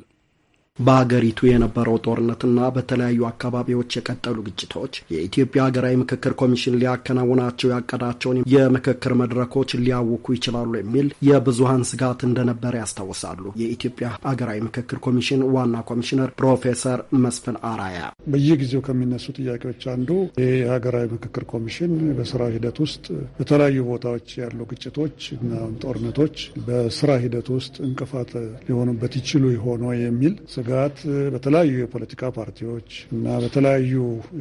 በሀገሪቱ የነበረው ጦርነትና በተለያዩ አካባቢዎች የቀጠሉ ግጭቶች የኢትዮጵያ ሀገራዊ ምክክር ኮሚሽን ሊያከናውናቸው ያቀዳቸውን የምክክር መድረኮች ሊያውኩ ይችላሉ የሚል የብዙሀን ስጋት እንደነበረ ያስታውሳሉ። የኢትዮጵያ ሀገራዊ ምክክር ኮሚሽን ዋና ኮሚሽነር ፕሮፌሰር መስፍን አራያ በየጊዜው ከሚነሱ ጥያቄዎች አንዱ የሀገራዊ ምክክር ኮሚሽን በስራ ሂደት ውስጥ በተለያዩ ቦታዎች ያሉ ግጭቶች እና ጦርነቶች በስራ ሂደት ውስጥ እንቅፋት ሊሆኑበት ይችሉ ይሆን የሚል ስጋት በተለያዩ የፖለቲካ ፓርቲዎች እና በተለያዩ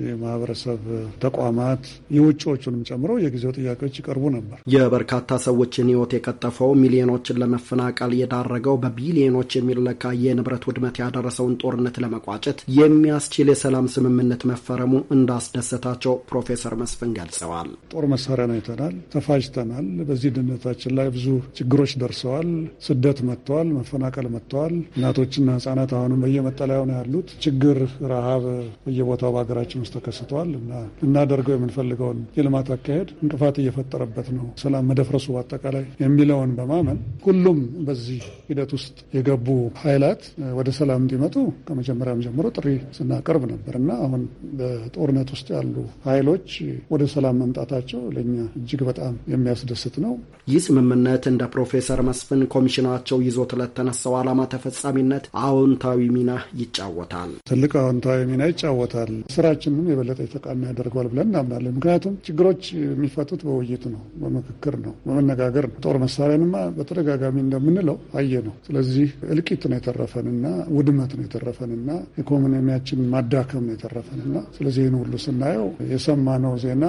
የማህበረሰብ ተቋማት የውጭዎቹንም ጨምሮ የጊዜው ጥያቄዎች ይቀርቡ ነበር። የበርካታ ሰዎችን ህይወት የቀጠፈው ሚሊዮኖችን ለመፈናቀል የዳረገው በቢሊዮኖች የሚለካ የንብረት ውድመት ያደረሰውን ጦርነት ለመቋጨት የሚያስችል የሰላም ስምምነት መፈረሙ እንዳስደሰታቸው ፕሮፌሰር መስፍን ገልጸዋል። ጦር ነው ይተናል፣ ተፋጅተናል። በዚህ ድነታችን ላይ ብዙ ችግሮች ደርሰዋል። ስደት መጥተዋል፣ መፈናቀል መጥተዋል። እናቶችና ህጻናት አሁን አሁንም በየመጠለያው ነው ያሉት። ችግር፣ ረሃብ በየቦታው በሀገራችን ውስጥ ተከስተዋል እና እናደርገው የምንፈልገውን የልማት አካሄድ እንቅፋት እየፈጠረበት ነው ሰላም መደፍረሱ በአጠቃላይ የሚለውን በማመን ሁሉም በዚህ ሂደት ውስጥ የገቡ ኃይላት ወደ ሰላም እንዲመጡ ከመጀመሪያም ጀምሮ ጥሪ ስናቀርብ ነበር እና አሁን በጦርነት ውስጥ ያሉ ኃይሎች ወደ ሰላም መምጣታቸው ለእኛ እጅግ በጣም የሚያስደስት ነው። ይህ ስምምነት እንደ ፕሮፌሰር መስፍን ኮሚሽናቸው ይዞት ለተነሳው ዓላማ ተፈጻሚነት አዎንታዊ ሚና ይጫወታል። ትልቅ አዎንታዊ ሚና ይጫወታል። ስራችንም የበለጠ የተቃሚ ያደርገዋል ብለን እናምናለን። ምክንያቱም ችግሮች የሚፈቱት በውይይት ነው፣ በምክክር ነው፣ በመነጋገር ነው። ጦር መሳሪያንማ በተደጋጋሚ እንደምንለው አየ ነው። ስለዚህ እልቂት ነው የተረፈንና ውድመት ነው የተረፈንና ኢኮኖሚያችን ማዳከም ነው የተረፈንና ስለዚህ ይህን ሁሉ ስናየው የሰማነው ዜና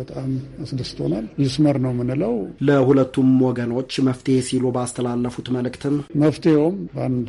በጣም አስደስቶናል። ይስመር ነው የምንለው። ለሁለቱም ወገኖች መፍትሄ ሲሉ ባስተላለፉት መልእክትም መፍትሄውም በአንድ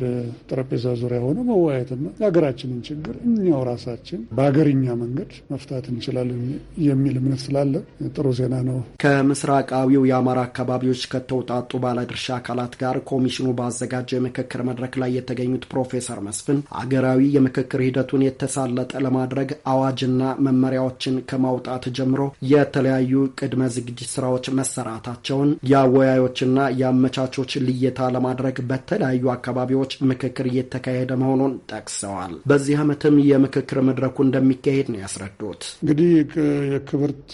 ጠረጴዛ ዙሪያ የሆነ መወያየትና የሀገራችንን ችግር እኛው ራሳችን በሀገርኛ መንገድ መፍታት እንችላለን የሚል እምነት ስላለ ጥሩ ዜና ነው። ከምስራቃዊው የአማራ አካባቢዎች ከተውጣጡ ባለድርሻ አካላት ጋር ኮሚሽኑ ባዘጋጀ የምክክር መድረክ ላይ የተገኙት ፕሮፌሰር መስፍን አገራዊ የምክክር ሂደቱን የተሳለጠ ለማድረግ አዋጅና መመሪያዎችን ከማውጣት ጀምሮ የተለያዩ ቅድመ ዝግጅት ስራዎች መሰራታቸውን የአወያዮችና የአመቻቾች ልየታ ለማድረግ በተለያዩ አካባቢዎች ምክክር እየተካሄደ እየተካሄደ መሆኑን ጠቅሰዋል። በዚህ ዓመትም የምክክር መድረኩ እንደሚካሄድ ነው ያስረዱት። እንግዲህ የክብርት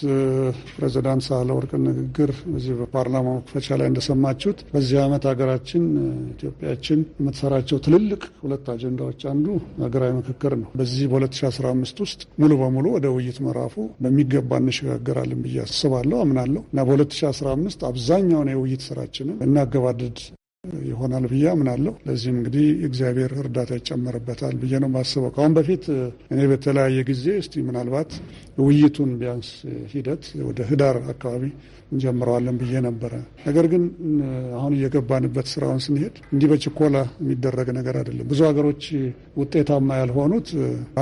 ፕሬዚዳንት ሳህለወርቅ ንግግር በዚህ በፓርላማ መክፈቻ ላይ እንደሰማችሁት በዚህ ዓመት ሀገራችን ኢትዮጵያችን የምትሰራቸው ትልልቅ ሁለት አጀንዳዎች አንዱ ሀገራዊ ምክክር ነው። በዚህ በ2015 ውስጥ ሙሉ በሙሉ ወደ ውይይት ምዕራፉ በሚገባ እንሸጋገራለን ብዬ አስባለሁ፣ አምናለሁ እና በ2015 አብዛኛውን የውይይት ስራችንን እናገባድድ ይሆናል ብዬ አምናለሁ። ለዚህም እንግዲህ እግዚአብሔር እርዳታ ይጨመርበታል ብዬ ነው የማስበው። ከአሁን በፊት እኔ በተለያየ ጊዜ እስቲ ምናልባት ውይይቱን ቢያንስ ሂደት ወደ ህዳር አካባቢ እንጀምረዋለን ብዬ ነበረ። ነገር ግን አሁን እየገባንበት ስራውን ስንሄድ እንዲህ በችኮላ የሚደረግ ነገር አይደለም። ብዙ ሀገሮች ውጤታማ ያልሆኑት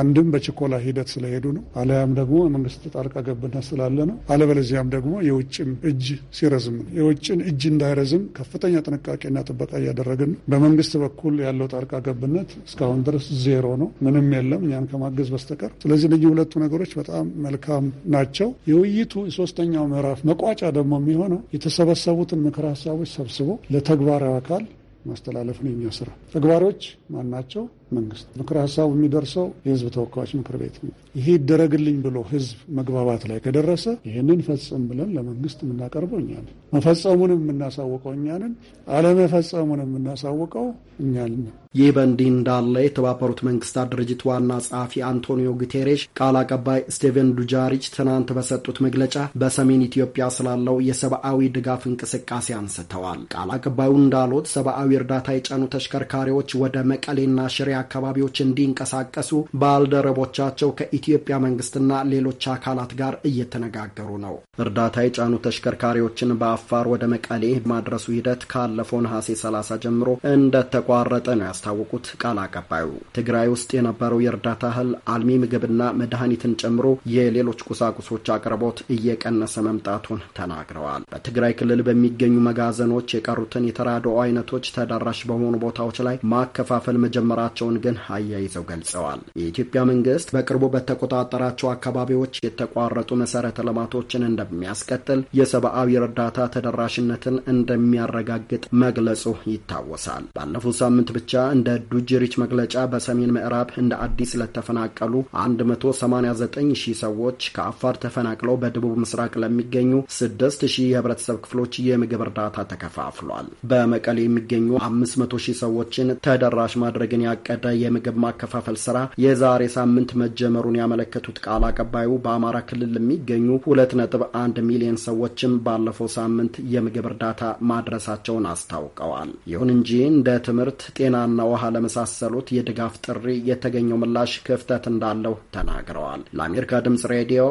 አንድም በችኮላ ሂደት ስለሄዱ ነው፣ አለያም ደግሞ መንግስት ጣልቃ ገብነት ስላለ ነው፣ አለበለዚያም ደግሞ የውጭም እጅ ሲረዝም ነው። የውጭን እጅ እንዳይረዝም ከፍተኛ ጥንቃቄና ጥበቃ እያደረግን ነው። በመንግስት በኩል ያለው ጣልቃ ገብነት እስካሁን ድረስ ዜሮ ነው፣ ምንም የለም እኛን ከማገዝ በስተቀር። ስለዚህ እነዚህ ሁለቱ ነገሮች በጣም መልካም ናቸው። የውይይቱ የሶስተኛው ምዕራፍ መቋጫ ደግሞ የሚሆነው የተሰበሰቡትን ምክር ሀሳቦች ሰብስቦ ለተግባራዊ አካል ማስተላለፍ ነው የሚያስራ ተግባሮች ማን ናቸው? መንግስት፣ ምክር ሀሳቡ የሚደርሰው የህዝብ ተወካዮች ምክር ቤት ነው። ይሄ ይደረግልኝ ብሎ ህዝብ መግባባት ላይ ከደረሰ ይህንን ፈጽም ብለን ለመንግስት የምናቀርበው እኛን፣ መፈጸሙንም የምናሳውቀው እኛንን፣ አለመፈጸሙን የምናሳውቀው እኛን። ይህ በእንዲህ እንዳለ የተባበሩት መንግስታት ድርጅት ዋና ጸሐፊ አንቶኒዮ ጉቴሬሽ ቃል አቀባይ ስቴቨን ዱጃሪች ትናንት በሰጡት መግለጫ በሰሜን ኢትዮጵያ ስላለው የሰብአዊ ድጋፍ እንቅስቃሴ አንስተዋል። ቃል አቀባዩ እንዳሉት ሰብአዊ እርዳታ የጫኑ ተሽከርካሪዎች ወደ መቀሌና ሽሬ አካባቢዎች እንዲንቀሳቀሱ ባልደረቦቻቸው ከኢትዮጵያ መንግስትና ሌሎች አካላት ጋር እየተነጋገሩ ነው። እርዳታ የጫኑ ተሽከርካሪዎችን በአፋር ወደ መቀሌ ማድረሱ ሂደት ካለፈው ነሐሴ 30 ጀምሮ እንደተቋረጠ ነው ያስታወቁት ቃል አቀባዩ። ትግራይ ውስጥ የነበረው የእርዳታ እህል፣ አልሚ ምግብና መድኃኒትን ጨምሮ የሌሎች ቁሳቁሶች አቅርቦት እየቀነሰ መምጣቱን ተናግረዋል። በትግራይ ክልል በሚገኙ መጋዘኖች የቀሩትን የተራድኦ አይነቶች ተደራሽ በሆኑ ቦታዎች ላይ ማከፋፈል መጀመራቸው መሆናቸውን ግን አያይዘው ገልጸዋል። የኢትዮጵያ መንግስት በቅርቡ በተቆጣጠራቸው አካባቢዎች የተቋረጡ መሰረተ ልማቶችን እንደሚያስቀጥል፣ የሰብአዊ እርዳታ ተደራሽነትን እንደሚያረጋግጥ መግለጹ ይታወሳል። ባለፉት ሳምንት ብቻ እንደ ዱጅሪች መግለጫ በሰሜን ምዕራብ እንደ አዲስ ለተፈናቀሉ 189 ሺህ ሰዎች ከአፋር ተፈናቅለው በደቡብ ምስራቅ ለሚገኙ 6 ሺህ የህብረተሰብ ክፍሎች የምግብ እርዳታ ተከፋፍሏል። በመቀሌ የሚገኙ 500 ሺህ ሰዎችን ተደራሽ ማድረግን ያቀ ያቀደ የምግብ ማከፋፈል ስራ የዛሬ ሳምንት መጀመሩን ያመለከቱት ቃል አቀባዩ በአማራ ክልል የሚገኙ ሁለት ነጥብ አንድ ሚሊዮን ሰዎችም ባለፈው ሳምንት የምግብ እርዳታ ማድረሳቸውን አስታውቀዋል። ይሁን እንጂ እንደ ትምህርት፣ ጤናና ውሃ ለመሳሰሉት የድጋፍ ጥሪ የተገኘው ምላሽ ክፍተት እንዳለው ተናግረዋል። ለአሜሪካ ድምጽ ሬዲዮ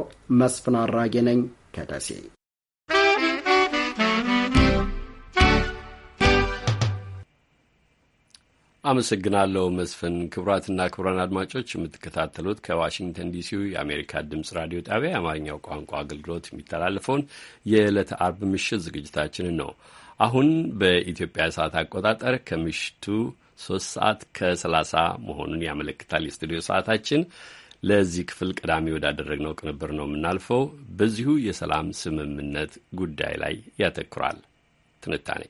መስፍን አራጌ ነኝ ከደሴ አመሰግናለሁ መስፍን። ክቡራትና ክቡራን አድማጮች የምትከታተሉት ከዋሽንግተን ዲሲው የአሜሪካ ድምጽ ራዲዮ ጣቢያ የአማርኛው ቋንቋ አገልግሎት የሚተላለፈውን የዕለተ አርብ ምሽት ዝግጅታችንን ነው። አሁን በኢትዮጵያ ሰዓት አቆጣጠር ከምሽቱ ሶስት ሰዓት ከሰላሳ መሆኑን ያመለክታል የስቱዲዮ ሰዓታችን። ለዚህ ክፍል ቀዳሚ ወዳደረግነው ቅንብር ነው የምናልፈው። በዚሁ የሰላም ስምምነት ጉዳይ ላይ ያተኩራል ትንታኔ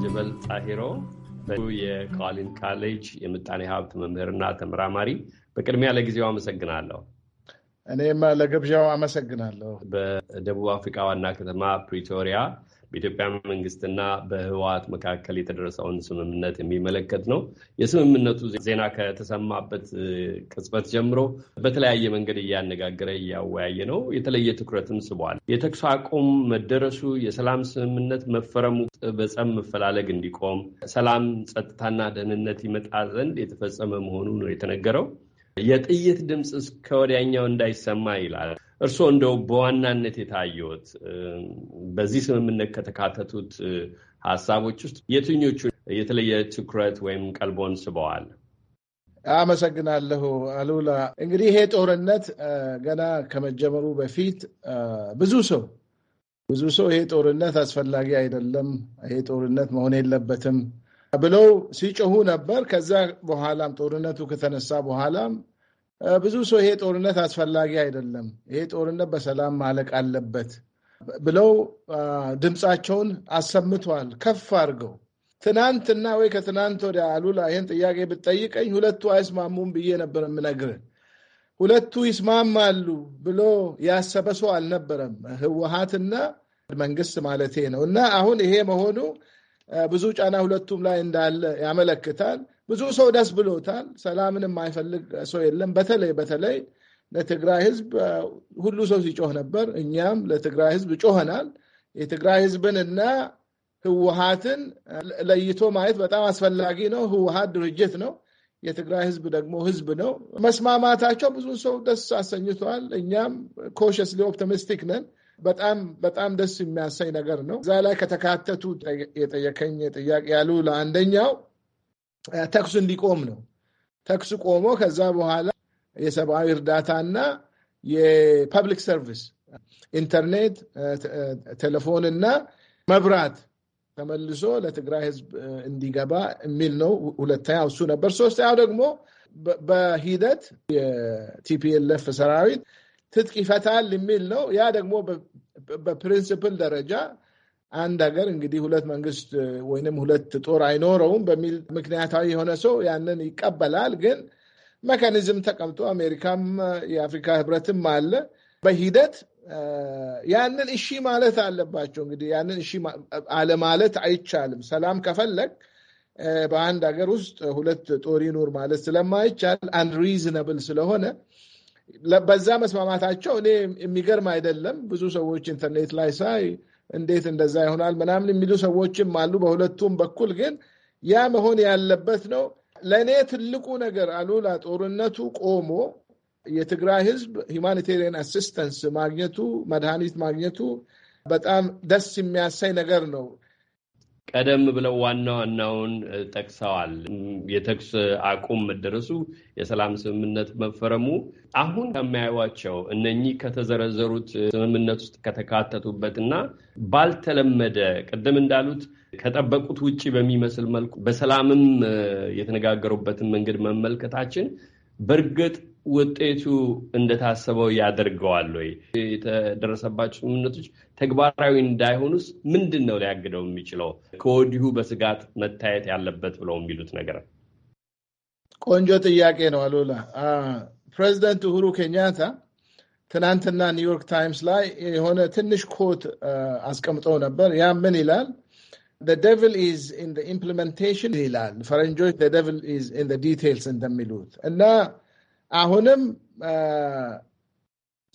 ጀበል ጣሂሮ የካሊን ካሌጅ የምጣኔ ሀብት መምህርና ተመራማሪ፣ በቅድሚያ ለጊዜው አመሰግናለሁ። እኔም ለግብዣው አመሰግናለሁ። በደቡብ አፍሪካ ዋና ከተማ ፕሪቶሪያ በኢትዮጵያ መንግስትና በህወሓት መካከል የተደረሰውን ስምምነት የሚመለከት ነው። የስምምነቱ ዜና ከተሰማበት ቅጽበት ጀምሮ በተለያየ መንገድ እያነጋገረ እያወያየ ነው። የተለየ ትኩረትም ስቧል። የተኩስ አቁም መደረሱ፣ የሰላም ስምምነት መፈረሙ በጸም መፈላለግ እንዲቆም ሰላም፣ ጸጥታና ደህንነት ይመጣ ዘንድ የተፈጸመ መሆኑ ነው የተነገረው። የጥይት ድምፅ እስከ ወዲያኛው እንዳይሰማ ይላል። እርስዎ እንደው በዋናነት የታየዎት በዚህ ስምምነት ከተካተቱት ሀሳቦች ውስጥ የትኞቹ የተለየ ትኩረት ወይም ቀልቦን ስበዋል? አመሰግናለሁ አሉላ። እንግዲህ ይሄ ጦርነት ገና ከመጀመሩ በፊት ብዙ ሰው ብዙ ሰው ይሄ ጦርነት አስፈላጊ አይደለም፣ ይሄ ጦርነት መሆን የለበትም ብለው ሲጮሁ ነበር። ከዛ በኋላም ጦርነቱ ከተነሳ በኋላም ብዙ ሰው ይሄ ጦርነት አስፈላጊ አይደለም፣ ይሄ ጦርነት በሰላም ማለቅ አለበት ብለው ድምፃቸውን አሰምተዋል ከፍ አድርገው። ትናንትና ወይ ከትናንት ወዲያ አሉላ ይህን ጥያቄ ብትጠይቀኝ ሁለቱ አይስማሙም ብዬ ነበር የምነግር። ሁለቱ ይስማማሉ ብሎ ያሰበ ሰው አልነበረም፣ ህወሀትና መንግስት ማለቴ ነው። እና አሁን ይሄ መሆኑ ብዙ ጫና ሁለቱም ላይ እንዳለ ያመለክታል። ብዙ ሰው ደስ ብሎታል። ሰላምን የማይፈልግ ሰው የለም። በተለይ በተለይ ለትግራይ ህዝብ ሁሉ ሰው ሲጮህ ነበር። እኛም ለትግራይ ህዝብ ጮኸናል። የትግራይ ህዝብን እና ህወሀትን ለይቶ ማየት በጣም አስፈላጊ ነው። ህወሀት ድርጅት ነው። የትግራይ ህዝብ ደግሞ ህዝብ ነው። መስማማታቸው ብዙ ሰው ደስ አሰኝተዋል። እኛም ኮሽስሊ ኦፕቲሚስቲክ ነን። በጣም በጣም ደስ የሚያሰኝ ነገር ነው። እዛ ላይ ከተካተቱ የጠየከኝ ጥያቄ ያሉ ለአንደኛው ተኩስ እንዲቆም ነው። ተኩስ ቆሞ ከዛ በኋላ የሰብአዊ እርዳታና የፐብሊክ ሰርቪስ ኢንተርኔት፣ ቴሌፎን እና መብራት ተመልሶ ለትግራይ ህዝብ እንዲገባ የሚል ነው። ሁለተኛው እሱ ነበር። ሶስተኛው ደግሞ በሂደት የቲፒኤልኤፍ ሰራዊት ትጥቅ ይፈታል የሚል ነው። ያ ደግሞ በፕሪንስፕል ደረጃ አንድ ሀገር እንግዲህ ሁለት መንግስት ወይንም ሁለት ጦር አይኖረውም በሚል ምክንያታዊ የሆነ ሰው ያንን ይቀበላል። ግን መካኒዝም ተቀምጦ አሜሪካም የአፍሪካ ህብረትም አለ። በሂደት ያንን እሺ ማለት አለባቸው። እንግዲህ ያንን እሺ አለማለት አይቻልም። ሰላም ከፈለግ በአንድ ሀገር ውስጥ ሁለት ጦር ይኑር ማለት ስለማይቻል አንሪዝነብል ስለሆነ በዛ መስማማታቸው እኔ የሚገርም አይደለም። ብዙ ሰዎች ኢንተርኔት ላይ ሳይ እንዴት እንደዛ ይሆናል ምናምን የሚሉ ሰዎችም አሉ። በሁለቱም በኩል ግን ያ መሆን ያለበት ነው። ለእኔ ትልቁ ነገር አሉላ ጦርነቱ ቆሞ የትግራይ ህዝብ ሂውማኒቴሪያን አሲስተንስ ማግኘቱ መድኃኒት ማግኘቱ በጣም ደስ የሚያሳይ ነገር ነው። ቀደም ብለው ዋና ዋናውን ጠቅሰዋል። የተኩስ አቁም መደረሱ፣ የሰላም ስምምነት መፈረሙ አሁን ከሚያዩቸው እነኚህ ከተዘረዘሩት ስምምነት ውስጥ ከተካተቱበት እና ባልተለመደ ቅድም እንዳሉት ከጠበቁት ውጭ በሚመስል መልኩ በሰላምም የተነጋገሩበትን መንገድ መመልከታችን በእርግጥ ውጤቱ እንደታሰበው ያደርገዋል ወይ? የተደረሰባቸው ስምምነቶች ተግባራዊ እንዳይሆኑስ ምንድን ነው ሊያግደው የሚችለው? ከወዲሁ በስጋት መታየት ያለበት ብለው የሚሉት ነገር ቆንጆ ጥያቄ ነው አሉላ። ፕሬዚደንት ኡሁሩ ኬንያታ ትናንትና ኒውዮርክ ታይምስ ላይ የሆነ ትንሽ ኮት አስቀምጠው ነበር። ያ ምን ይላል? ደቨል ኢዝ ኢን ይላል። ፈረንጆች ደቨል ኢዝ ኢን ዲቴይልስ እንደሚሉት እና አሁንም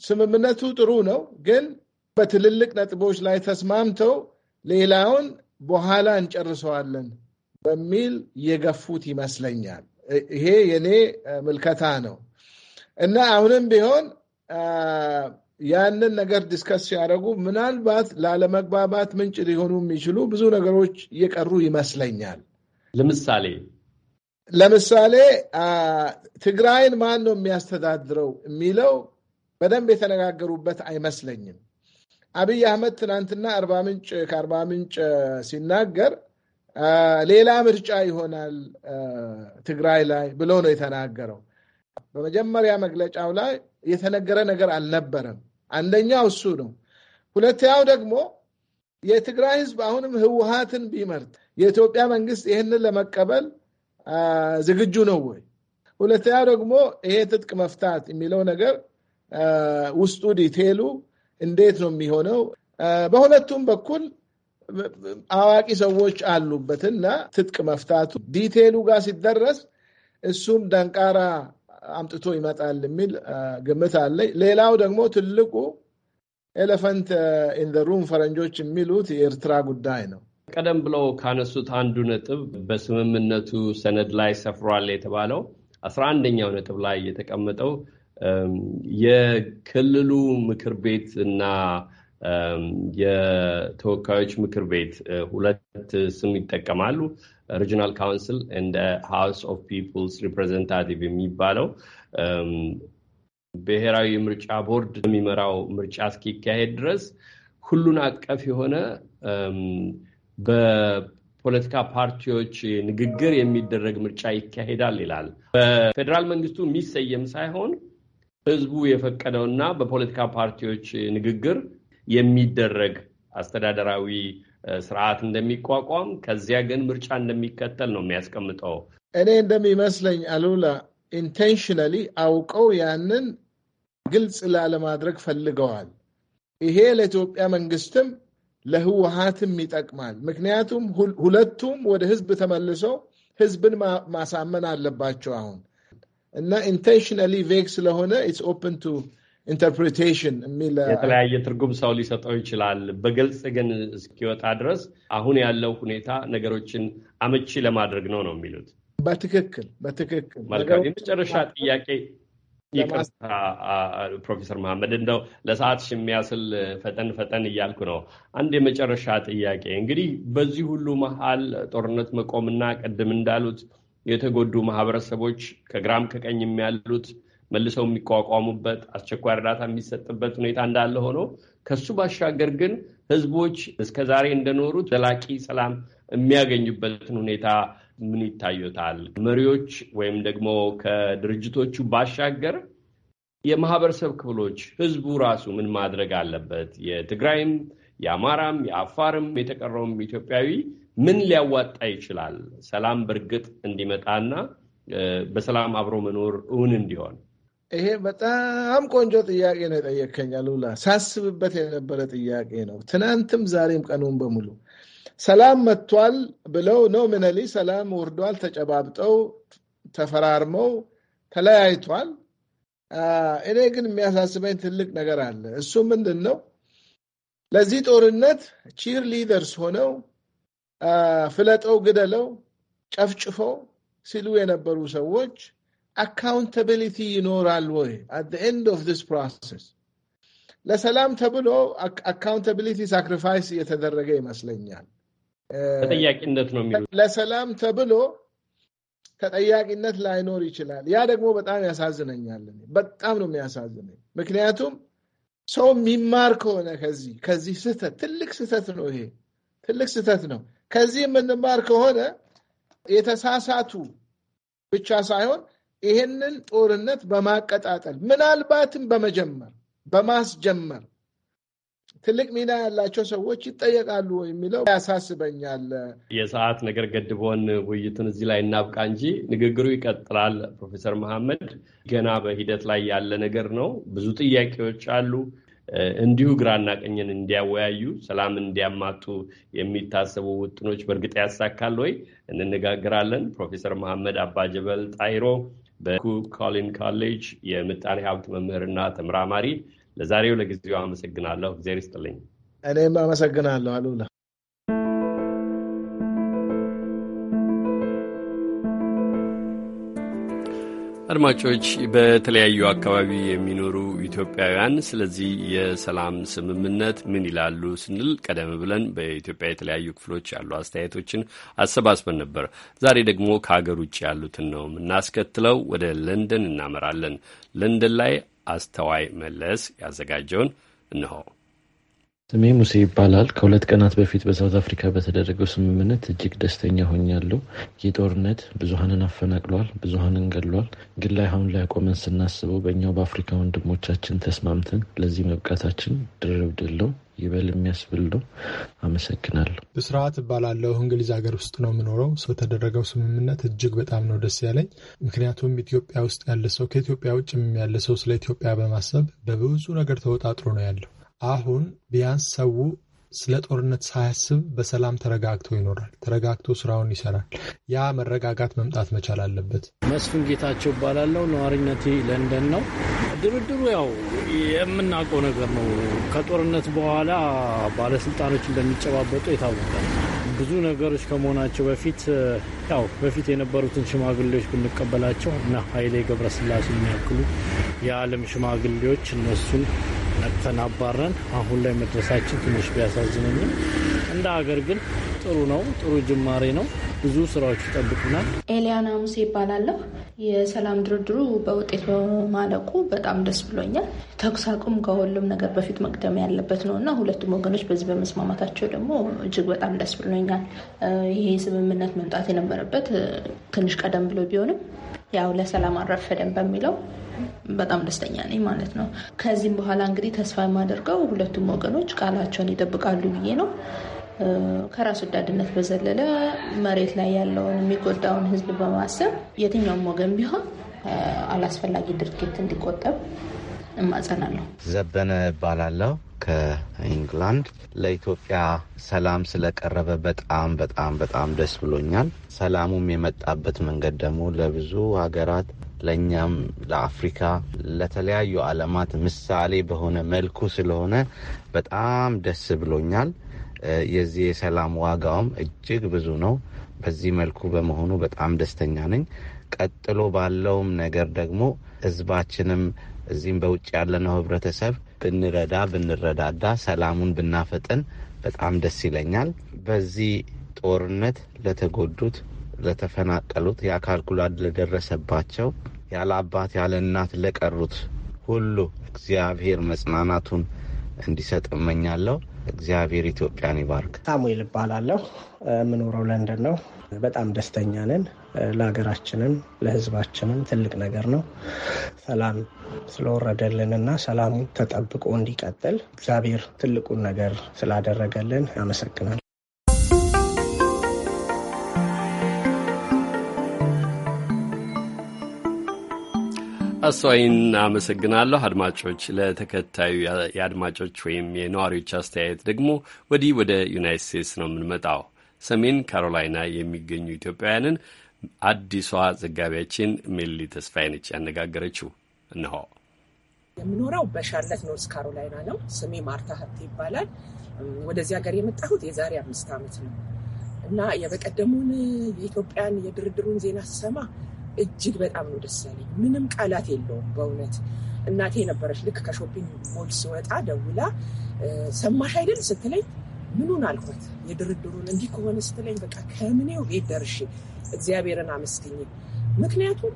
ስምምነቱ ጥሩ ነው፣ ግን በትልልቅ ነጥቦች ላይ ተስማምተው ሌላውን በኋላ እንጨርሰዋለን በሚል የገፉት ይመስለኛል። ይሄ የኔ ምልከታ ነው እና አሁንም ቢሆን ያንን ነገር ዲስከስ ሲያደርጉ ምናልባት ላለመግባባት ምንጭ ሊሆኑ የሚችሉ ብዙ ነገሮች እየቀሩ ይመስለኛል። ለምሳሌ ለምሳሌ ትግራይን ማን ነው የሚያስተዳድረው የሚለው በደንብ የተነጋገሩበት አይመስለኝም። አብይ አህመድ ትናንትና አርባ ምንጭ ከአርባ ምንጭ ሲናገር ሌላ ምርጫ ይሆናል ትግራይ ላይ ብሎ ነው የተናገረው። በመጀመሪያ መግለጫው ላይ የተነገረ ነገር አልነበረም። አንደኛው እሱ ነው። ሁለተኛው ደግሞ የትግራይ ህዝብ አሁንም ህወሀትን ቢመርጥ የኢትዮጵያ መንግስት ይህንን ለመቀበል ዝግጁ ነው ወይ? ሁለተኛ ደግሞ ይሄ ትጥቅ መፍታት የሚለው ነገር ውስጡ ዲቴሉ እንዴት ነው የሚሆነው? በሁለቱም በኩል አዋቂ ሰዎች አሉበትና ትጥቅ መፍታቱ ዲቴሉ ጋር ሲደረስ እሱም ደንቃራ አምጥቶ ይመጣል የሚል ግምት አለኝ። ሌላው ደግሞ ትልቁ ኤሌፈንት ኢን ዘ ሩም ፈረንጆች የሚሉት የኤርትራ ጉዳይ ነው። ቀደም ብለው ካነሱት አንዱ ነጥብ በስምምነቱ ሰነድ ላይ ሰፍሯል የተባለው አስራ አንደኛው ነጥብ ላይ የተቀመጠው የክልሉ ምክር ቤት እና የተወካዮች ምክር ቤት ሁለት ስም ይጠቀማሉ። ሪጂናል ካውንስል እንደ ሃውስ ኦፍ ፒፕልስ ሪፕሬዘንታቲቭ የሚባለው ብሔራዊ ምርጫ ቦርድ የሚመራው ምርጫ እስኪካሄድ ድረስ ሁሉን አቀፍ የሆነ በፖለቲካ ፓርቲዎች ንግግር የሚደረግ ምርጫ ይካሄዳል ይላል። በፌዴራል መንግስቱ የሚሰየም ሳይሆን ህዝቡ የፈቀደውና በፖለቲካ ፓርቲዎች ንግግር የሚደረግ አስተዳደራዊ ስርዓት እንደሚቋቋም ከዚያ ግን ምርጫ እንደሚከተል ነው የሚያስቀምጠው። እኔ እንደሚመስለኝ አሉላ ኢንቴንሽነሊ አውቀው ያንን ግልጽ ላለማድረግ ፈልገዋል። ይሄ ለኢትዮጵያ መንግስትም ለህወሀትም ይጠቅማል። ምክንያቱም ሁለቱም ወደ ህዝብ ተመልሶ ህዝብን ማሳመን አለባቸው። አሁን እና ኢንቴንሽናሊ ቬግ ስለሆነ ኢትስ ኦፕን ቱ ኢንተርፕሪቴሽን የሚል የተለያየ ትርጉም ሰው ሊሰጠው ይችላል። በግልጽ ግን እስኪወጣ ድረስ አሁን ያለው ሁኔታ ነገሮችን አመቺ ለማድረግ ነው ነው የሚሉት። በትክክል በትክክል። መልካም የመጨረሻ ጥያቄ ይቅርታ ፕሮፌሰር መሐመድ እንደው ለሰዓት የሚያስል ፈጠን ፈጠን እያልኩ ነው። አንድ የመጨረሻ ጥያቄ እንግዲህ በዚህ ሁሉ መሀል ጦርነት መቆምና ቅድም እንዳሉት የተጎዱ ማህበረሰቦች ከግራም ከቀኝ የሚያሉት መልሰው የሚቋቋሙበት አስቸኳይ እርዳታ የሚሰጥበት ሁኔታ እንዳለ ሆኖ ከሱ ባሻገር ግን ህዝቦች እስከዛሬ እንደኖሩት ዘላቂ ሰላም የሚያገኙበትን ሁኔታ ምን ይታዩታል? መሪዎች ወይም ደግሞ ከድርጅቶቹ ባሻገር የማህበረሰብ ክፍሎች ህዝቡ ራሱ ምን ማድረግ አለበት? የትግራይም፣ የአማራም፣ የአፋርም የተቀረውም ኢትዮጵያዊ ምን ሊያዋጣ ይችላል? ሰላም በእርግጥ እንዲመጣና በሰላም አብሮ መኖር እውን እንዲሆን። ይሄ በጣም ቆንጆ ጥያቄ ነው የጠየከኝ አሉላ። ሳስብበት የነበረ ጥያቄ ነው። ትናንትም ዛሬም ቀኑን በሙሉ ሰላም መጥቷል ብለው ነው ሰላም ወርዷል ተጨባብጠው ተፈራርመው ተለያይቷል። እኔ ግን የሚያሳስበኝ ትልቅ ነገር አለ። እሱ ምንድን ነው? ለዚህ ጦርነት ቺር ሊደርስ ሆነው ፍለጠው፣ ግደለው፣ ጨፍጭፈው ሲሉ የነበሩ ሰዎች አካውንታቢሊቲ ይኖራል ወይ? አት ኤንድ ኦፍ ዲስ ፕሮሰስ ለሰላም ተብሎ አካውንታቢሊቲ ሳክሪፋይስ እየተደረገ ይመስለኛል። ተጠያቂነት ነው የሚሉት ለሰላም ተብሎ ተጠያቂነት ላይኖር ይችላል። ያ ደግሞ በጣም ያሳዝነኛል። በጣም ነው የሚያሳዝነኝ። ምክንያቱም ሰው የሚማር ከሆነ ከዚህ ከዚህ ስህተት ትልቅ ስህተት ነው ይሄ ትልቅ ስህተት ነው። ከዚህ የምንማር ከሆነ የተሳሳቱ ብቻ ሳይሆን ይህንን ጦርነት በማቀጣጠል ምናልባትም በመጀመር በማስጀመር ትልቅ ሚና ያላቸው ሰዎች ይጠየቃሉ የሚለው ያሳስበኛል። የሰዓት ነገር ገድቦን ውይይቱን እዚህ ላይ እናብቃ እንጂ ንግግሩ ይቀጥላል። ፕሮፌሰር መሐመድ ገና በሂደት ላይ ያለ ነገር ነው። ብዙ ጥያቄዎች አሉ። እንዲሁ ግራና ቀኝን እንዲያወያዩ፣ ሰላም እንዲያማጡ የሚታሰቡ ውጥኖች በእርግጥ ያሳካል ወይ እንነጋግራለን። ፕሮፌሰር መሐመድ አባጀበል ጣይሮ በኩ ኮሊን ኮሌጅ የምጣኔ ሀብት መምህርና ተመራማሪ ለዛሬው ለጊዜው አመሰግናለሁ። እግዜር ይስጥልኝ። እኔም አመሰግናለሁ አሉላ። አድማጮች በተለያዩ አካባቢ የሚኖሩ ኢትዮጵያውያን ስለዚህ የሰላም ስምምነት ምን ይላሉ ስንል ቀደም ብለን በኢትዮጵያ የተለያዩ ክፍሎች ያሉ አስተያየቶችን አሰባስበን ነበር። ዛሬ ደግሞ ከሀገር ውጭ ያሉትን ነው የምናስከትለው። ወደ ለንደን እናመራለን። ለንደን ላይ አስተዋይ መለስ ያዘጋጀውን እንሆ። ስሜ ሙሴ ይባላል። ከሁለት ቀናት በፊት በሳውት አፍሪካ በተደረገው ስምምነት እጅግ ደስተኛ ሆኛለሁ። ይህ ጦርነት ብዙሀንን አፈናቅሏል፣ ብዙሀንን ገድሏል። ግን ላይ አሁን ላይ ቆመን ስናስበው በእኛው በአፍሪካ ወንድሞቻችን ተስማምተን ለዚህ መብቃታችን ድርብ ይበል የሚያስብል ነው። አመሰግናለሁ። ስርዓት እባላለሁ። እንግሊዝ ሀገር ውስጥ ነው የምኖረው። ተደረገው ስምምነት እጅግ በጣም ነው ደስ ያለኝ። ምክንያቱም ኢትዮጵያ ውስጥ ያለ ሰው ከኢትዮጵያ ውጭ ያለ ሰው ስለ ኢትዮጵያ በማሰብ በብዙ ነገር ተወጣጥሮ ነው ያለው። አሁን ቢያንስ ሰው ስለ ጦርነት ሳያስብ በሰላም ተረጋግቶ ይኖራል። ተረጋግቶ ስራውን ይሰራል። ያ መረጋጋት መምጣት መቻል አለበት። መስፍን ጌታቸው እባላለሁ። ነዋሪነቴ ለንደን ነው። ድርድሩ ያው የምናውቀው ነገር ነው። ከጦርነት በኋላ ባለስልጣኖች እንደሚጨባበጡ የታወቀ ብዙ ነገሮች ከመሆናቸው በፊት ያው በፊት የነበሩትን ሽማግሌዎች ብንቀበላቸው እና ኃይሌ ገብረስላሴ የሚያክሉ የዓለም ሽማግሌዎች እነሱን መጥተን አባረን አሁን ላይ መድረሳችን ትንሽ ቢያሳዝነኝም እንደ ሀገር ግን ጥሩ ነው። ጥሩ ጅማሬ ነው። ብዙ ስራዎች ይጠብቁናል። ኤሊያና ሙሴ ይባላለሁ። የሰላም ድርድሩ በውጤት በማለቁ በጣም ደስ ብሎኛል። ተኩስ አቁም ከሁሉም ነገር በፊት መቅደም ያለበት ነው እና ሁለቱም ወገኖች በዚህ በመስማማታቸው ደግሞ እጅግ በጣም ደስ ብሎኛል። ይሄ ስምምነት መምጣት የነበረበት ትንሽ ቀደም ብሎ ቢሆንም ያው ለሰላም አረፈደን በሚለው በጣም ደስተኛ ነኝ ማለት ነው። ከዚህም በኋላ እንግዲህ ተስፋ የማደርገው ሁለቱም ወገኖች ቃላቸውን ይጠብቃሉ ብዬ ነው። ከራስ ወዳድነት በዘለለ መሬት ላይ ያለውን የሚጎዳውን ሕዝብ በማሰብ የትኛውም ወገን ቢሆን አላስፈላጊ ድርጊት እንዲቆጠብ እማጸናለሁ። ዘበነ እባላለሁ ከኢንግላንድ። ለኢትዮጵያ ሰላም ስለቀረበ በጣም በጣም በጣም ደስ ብሎኛል። ሰላሙም የመጣበት መንገድ ደግሞ ለብዙ ሀገራት ለእኛም ለአፍሪካ ለተለያዩ ዓለማት ምሳሌ በሆነ መልኩ ስለሆነ በጣም ደስ ብሎኛል። የዚህ የሰላም ዋጋውም እጅግ ብዙ ነው። በዚህ መልኩ በመሆኑ በጣም ደስተኛ ነኝ። ቀጥሎ ባለውም ነገር ደግሞ ህዝባችንም እዚህም በውጭ ያለነው ህብረተሰብ ብንረዳ ብንረዳዳ ሰላሙን ብናፈጥን በጣም ደስ ይለኛል። በዚህ ጦርነት ለተጎዱት ለተፈናቀሉት፣ የአካል ጉዳት ለደረሰባቸው፣ ያለ አባት ያለ እናት ለቀሩት ሁሉ እግዚአብሔር መጽናናቱን እንዲሰጥ እመኛለሁ። እግዚአብሔር ኢትዮጵያን ይባርክ። ሳሙኤል እባላለሁ። የምኖረው ለንደን ነው። በጣም ደስተኛ ነን። ለሀገራችንም ለሕዝባችንም ትልቅ ነገር ነው። ሰላም ስለወረደልን እና ሰላሙ ተጠብቆ እንዲቀጥል እግዚአብሔር ትልቁን ነገር ስላደረገልን ያመሰግናል። አስተዋይን አመሰግናለሁ። አድማጮች፣ ለተከታዩ የአድማጮች ወይም የነዋሪዎች አስተያየት ደግሞ ወዲህ ወደ ዩናይት ስቴትስ ነው የምንመጣው። ሰሜን ካሮላይና የሚገኙ ኢትዮጵያውያንን አዲሷ ዘጋቢያችን ሜሊ ተስፋዬ ነች ያነጋገረችው። እንሆ የምኖረው በሻርለት ኖርስ ካሮላይና ነው። ስሜ ማርታ ሀብት ይባላል። ወደዚህ ሀገር የመጣሁት የዛሬ አምስት ዓመት ነው እና የበቀደሙን የኢትዮጵያን የድርድሩን ዜና ስሰማ እጅግ በጣም ነው ደስ ያለኝ። ምንም ቃላት የለውም በእውነት እናቴ የነበረች ልክ ከሾፒንግ ሞል ስወጣ ደውላ ሰማሽ አይደል ስትለኝ ምኑን አልኳት፣ የድርድሩን እንዲህ ከሆነ ስትለኝ በቃ ከምኔው ቤት ደርሽ እግዚአብሔርን አመስግኝ። ምክንያቱም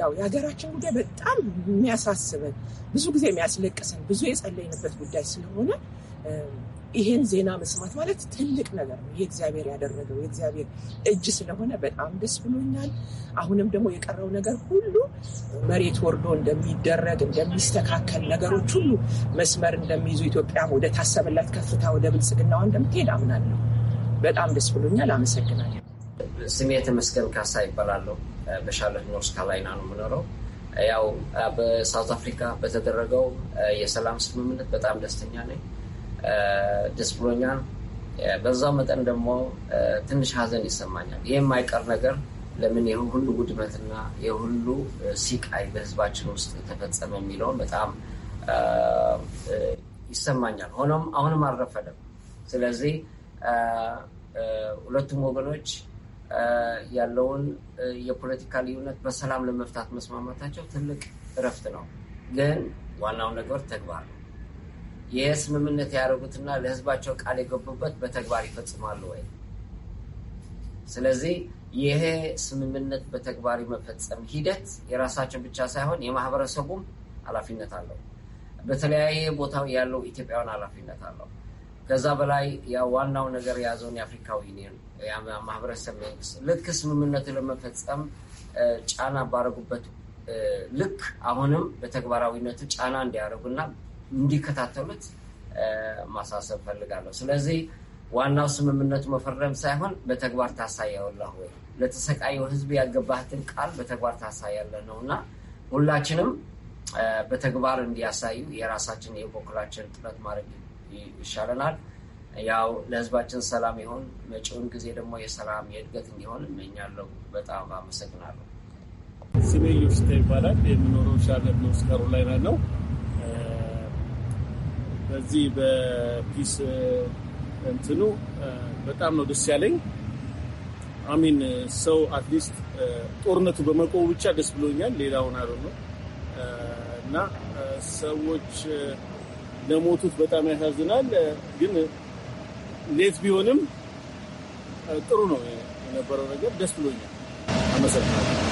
ያው የሀገራችን ጉዳይ በጣም የሚያሳስበን ብዙ ጊዜ የሚያስለቅሰን ብዙ የጸለይንበት ጉዳይ ስለሆነ ይሄን ዜና መስማት ማለት ትልቅ ነገር ነው። የእግዚአብሔር ያደረገው የእግዚአብሔር እጅ ስለሆነ በጣም ደስ ብሎኛል። አሁንም ደግሞ የቀረው ነገር ሁሉ መሬት ወርዶ እንደሚደረግ እንደሚስተካከል፣ ነገሮች ሁሉ መስመር እንደሚይዙ፣ ኢትዮጵያ ወደ ታሰበላት ከፍታ ወደ ብልጽግናዋ እንደምትሄድ አምናለሁ። በጣም ደስ ብሎኛል። አመሰግናለሁ። ስሜ ተመስገን ካሳ ይባላለሁ። በሻለት ኖርስ ካላይና ነው የምኖረው። ያው በሳውት አፍሪካ በተደረገው የሰላም ስምምነት በጣም ደስተኛ ነኝ። ደስ ብሎኛል። በዛው መጠን ደግሞ ትንሽ ሀዘን ይሰማኛል። ይህ የማይቀር ነገር ለምን የሁሉ ውድመትና የሁሉ ሲቃይ በህዝባችን ውስጥ ተፈጸመ የሚለውን በጣም ይሰማኛል። ሆኖም አሁንም አልረፈደም። ስለዚህ ሁለቱም ወገኖች ያለውን የፖለቲካ ልዩነት በሰላም ለመፍታት መስማማታቸው ትልቅ እረፍት ነው። ግን ዋናው ነገር ተግባር ነው። የስምምነት ያደረጉትና ለህዝባቸው ቃል የገቡበት በተግባር ይፈጽማሉ ወይ? ስለዚህ ይሄ ስምምነት በተግባር የመፈጸም ሂደት የራሳቸው ብቻ ሳይሆን የማህበረሰቡም ኃላፊነት አለው። በተለያየ ቦታ ያለው ኢትዮጵያውን ኃላፊነት አለው። ከዛ በላይ ዋናው ነገር የያዘውን የአፍሪካ ዩኒየን ማህበረሰብ መንግስት ልክ ስምምነቱ ለመፈጸም ጫና ባረጉበት ልክ አሁንም በተግባራዊነቱ ጫና እንዲያደርጉና እንዲከታተሉት ማሳሰብ ፈልጋለሁ። ስለዚህ ዋናው ስምምነቱ መፈረም ሳይሆን በተግባር ታሳያለህ ወይ፣ ለተሰቃየው ህዝብ ያገባህትን ቃል በተግባር ታሳያለ ነው እና ሁላችንም በተግባር እንዲያሳዩ የራሳችን የበኩላችን ጥረት ማድረግ ይሻለናል። ያው ለህዝባችን ሰላም ይሆን፣ መጪውን ጊዜ ደግሞ የሰላም የእድገት እንዲሆን እመኛለሁ። በጣም አመሰግናለሁ። ስሜ ዮሽታ ይባላል። የምኖረው ሻገር ነው፣ ስከሩ ላይ ነው። በዚህ በፒስ እንትኑ በጣም ነው ደስ ያለኝ። አሚን ሰው አትሊስት ጦርነቱ በመቆሙ ብቻ ደስ ብሎኛል። ሌላውን አሮ ነው እና ሰዎች ለሞቱት በጣም ያሳዝናል። ግን ሌት ቢሆንም ጥሩ ነው የነበረው ነገር ደስ ብሎኛል። አመሰግናለሁ።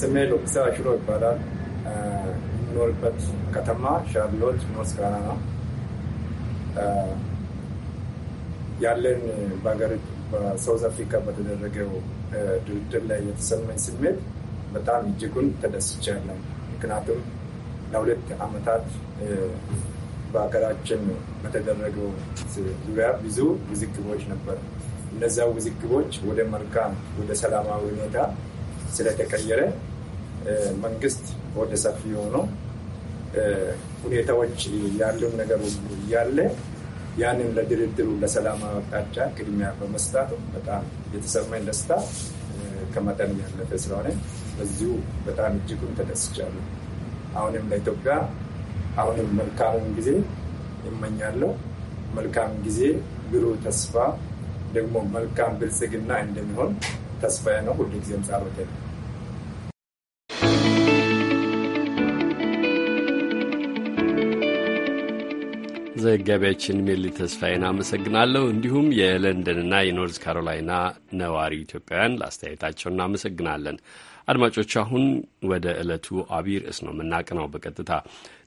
ስሜ ዶክተር አሽሮ ይባላል። የምኖርበት ከተማ ሻርሎት ኖስካና ካሮላይና ነው። ያለን በሀገሪቱ በሳውዝ አፍሪካ በተደረገው ድርድር ላይ የተሰማኝ ስሜት በጣም እጅጉን ተደስቻለን። ምክንያቱም ለሁለት ዓመታት በሀገራችን በተደረገው ዙሪያ ብዙ ውዝግቦች ነበር። እነዚያ ውዝግቦች ወደ መልካም ወደ ሰላማዊ ሁኔታ ስለተቀየረ መንግስት ወደ ሰፊ የሆነው ሁኔታዎች ያለው ነገር ሁሉ እያለ ያንን ለድርድሩ ለሰላም አቅጣጫ ቅድሚያ በመስጣት በጣም የተሰማኝ ደስታ ከመጠን ያለፈ ስለሆነ በዚሁ በጣም እጅጉን ተደስቻለሁ። አሁንም ለኢትዮጵያ አሁንም መልካሙን ጊዜ እመኛለሁ። መልካም ጊዜ፣ ብሩህ ተስፋ ደግሞ መልካም ብልጽግና እንደሚሆን ተስፋዬ ነው። ሁልጊዜም ጸሎቴ ነው። ዘጋቢያችን ሜሊ ተስፋዬን አመሰግናለሁ። እንዲሁም የለንደንና የኖርዝ ካሮላይና ነዋሪ ኢትዮጵያውያን ለአስተያየታቸው እናመሰግናለን። አድማጮች፣ አሁን ወደ ዕለቱ አብይ ርዕስ ነው የምናቀናው። በቀጥታ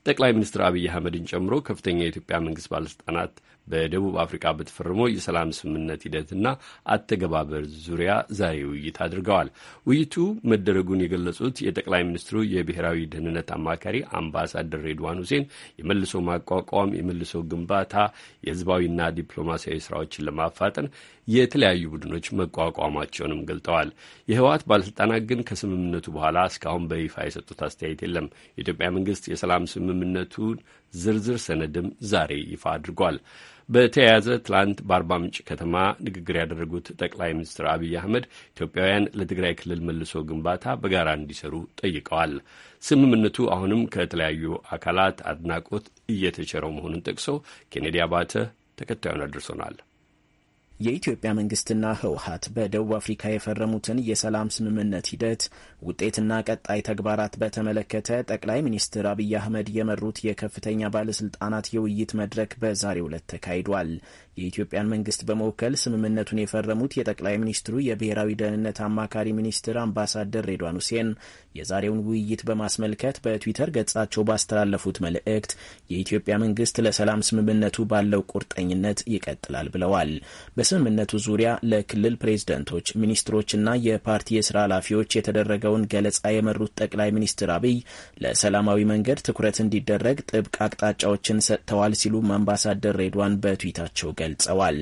ጠቅላይ ሚኒስትር አብይ አህመድን ጨምሮ ከፍተኛ የኢትዮጵያ መንግስት ባለስልጣናት በደቡብ አፍሪካ በተፈረመው የሰላም ስምምነት ሂደትና አተገባበር ዙሪያ ዛሬ ውይይት አድርገዋል። ውይይቱ መደረጉን የገለጹት የጠቅላይ ሚኒስትሩ የብሔራዊ ደህንነት አማካሪ አምባሳደር ሬድዋን ሁሴን የመልሶ ማቋቋም፣ የመልሶ ግንባታ፣ የህዝባዊና ዲፕሎማሲያዊ ስራዎችን ለማፋጠን የተለያዩ ቡድኖች መቋቋማቸውንም ገልጠዋል። የህወሓት ባለስልጣናት ግን ከስምምነቱ በኋላ እስካሁን በይፋ የሰጡት አስተያየት የለም። የኢትዮጵያ መንግስት የሰላም ስምምነቱን ዝርዝር ሰነድም ዛሬ ይፋ አድርጓል። በተያያዘ ትላንት በአርባ ምንጭ ከተማ ንግግር ያደረጉት ጠቅላይ ሚኒስትር አብይ አህመድ ኢትዮጵያውያን ለትግራይ ክልል መልሶ ግንባታ በጋራ እንዲሰሩ ጠይቀዋል። ስምምነቱ አሁንም ከተለያዩ አካላት አድናቆት እየተቸረው መሆኑን ጠቅሶ ኬኔዲ አባተ ተከታዩን አድርሶናል። የኢትዮጵያ መንግስትና ህወሀት በደቡብ አፍሪካ የፈረሙትን የሰላም ስምምነት ሂደት ውጤትና ቀጣይ ተግባራት በተመለከተ ጠቅላይ ሚኒስትር አብይ አህመድ የመሩት የከፍተኛ ባለስልጣናት የውይይት መድረክ በዛሬው ዕለት ተካሂዷል። የኢትዮጵያን መንግስት በመወከል ስምምነቱን የፈረሙት የጠቅላይ ሚኒስትሩ የብሔራዊ ደህንነት አማካሪ ሚኒስትር አምባሳደር ሬድዋን ሁሴን የዛሬውን ውይይት በማስመልከት በትዊተር ገጻቸው ባስተላለፉት መልእክት የኢትዮጵያ መንግስት ለሰላም ስምምነቱ ባለው ቁርጠኝነት ይቀጥላል ብለዋል። በስምምነቱ ዙሪያ ለክልል ፕሬዝደንቶች፣ ሚኒስትሮችና የፓርቲ የስራ ኃላፊዎች የተደረገው የተባለውን ገለጻ የመሩት ጠቅላይ ሚኒስትር አብይ ለሰላማዊ መንገድ ትኩረት እንዲደረግ ጥብቅ አቅጣጫዎችን ሰጥተዋል ሲሉም አምባሳደር ሬድዋን በትዊታቸው ገልጸዋል።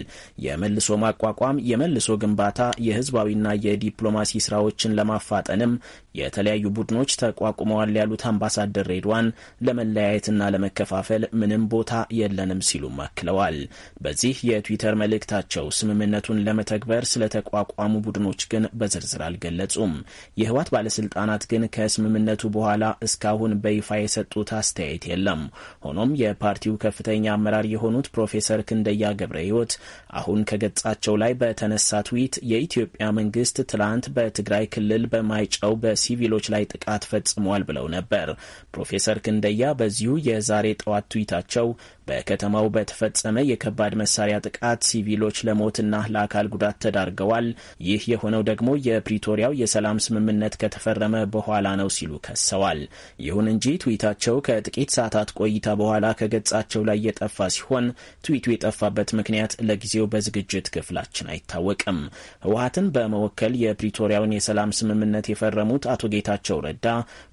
የመልሶ ማቋቋም፣ የመልሶ ግንባታ፣ የህዝባዊና የዲፕሎማሲ ስራዎችን ለማፋጠንም የተለያዩ ቡድኖች ተቋቁመዋል ያሉት አምባሳደር ሬድዋን ለመለያየትና ለመከፋፈል ምንም ቦታ የለንም ሲሉም አክለዋል። በዚህ የትዊተር መልእክታቸው ስምምነቱን ለመተግበር ስለተቋቋሙ ቡድኖች ግን በዝርዝር አልገለጹም። የህወሓት ባለስልጣናት ግን ከስምምነቱ በኋላ እስካሁን በይፋ የሰጡት አስተያየት የለም። ሆኖም የፓርቲው ከፍተኛ አመራር የሆኑት ፕሮፌሰር ክንደያ ገብረ ህይወት አሁን ከገጻቸው ላይ በተነሳ ትዊት የኢትዮጵያ መንግስት ትላንት በትግራይ ክልል በማይጨው በሲቪሎች ላይ ጥቃት ፈጽሟል ብለው ነበር። ፕሮፌሰር ክንደያ በዚሁ የዛሬ ጠዋት ትዊታቸው በከተማው በተፈጸመ የከባድ መሳሪያ ጥቃት ሲቪሎች ለሞትና ለአካል ጉዳት ተዳርገዋል። ይህ የሆነው ደግሞ የፕሪቶሪያው የሰላም ስምምነት ከተፈረመ በኋላ ነው ሲሉ ከሰዋል። ይሁን እንጂ ትዊታቸው ከጥቂት ሰዓታት ቆይታ በኋላ ከገጻቸው ላይ የጠፋ ሲሆን ትዊቱ የጠፋበት ምክንያት ለጊዜው በዝግጅት ክፍላችን አይታወቅም። ህወሀትን በመወከል የፕሪቶሪያውን የሰላም ስምምነት የፈረሙት አቶ ጌታቸው ረዳ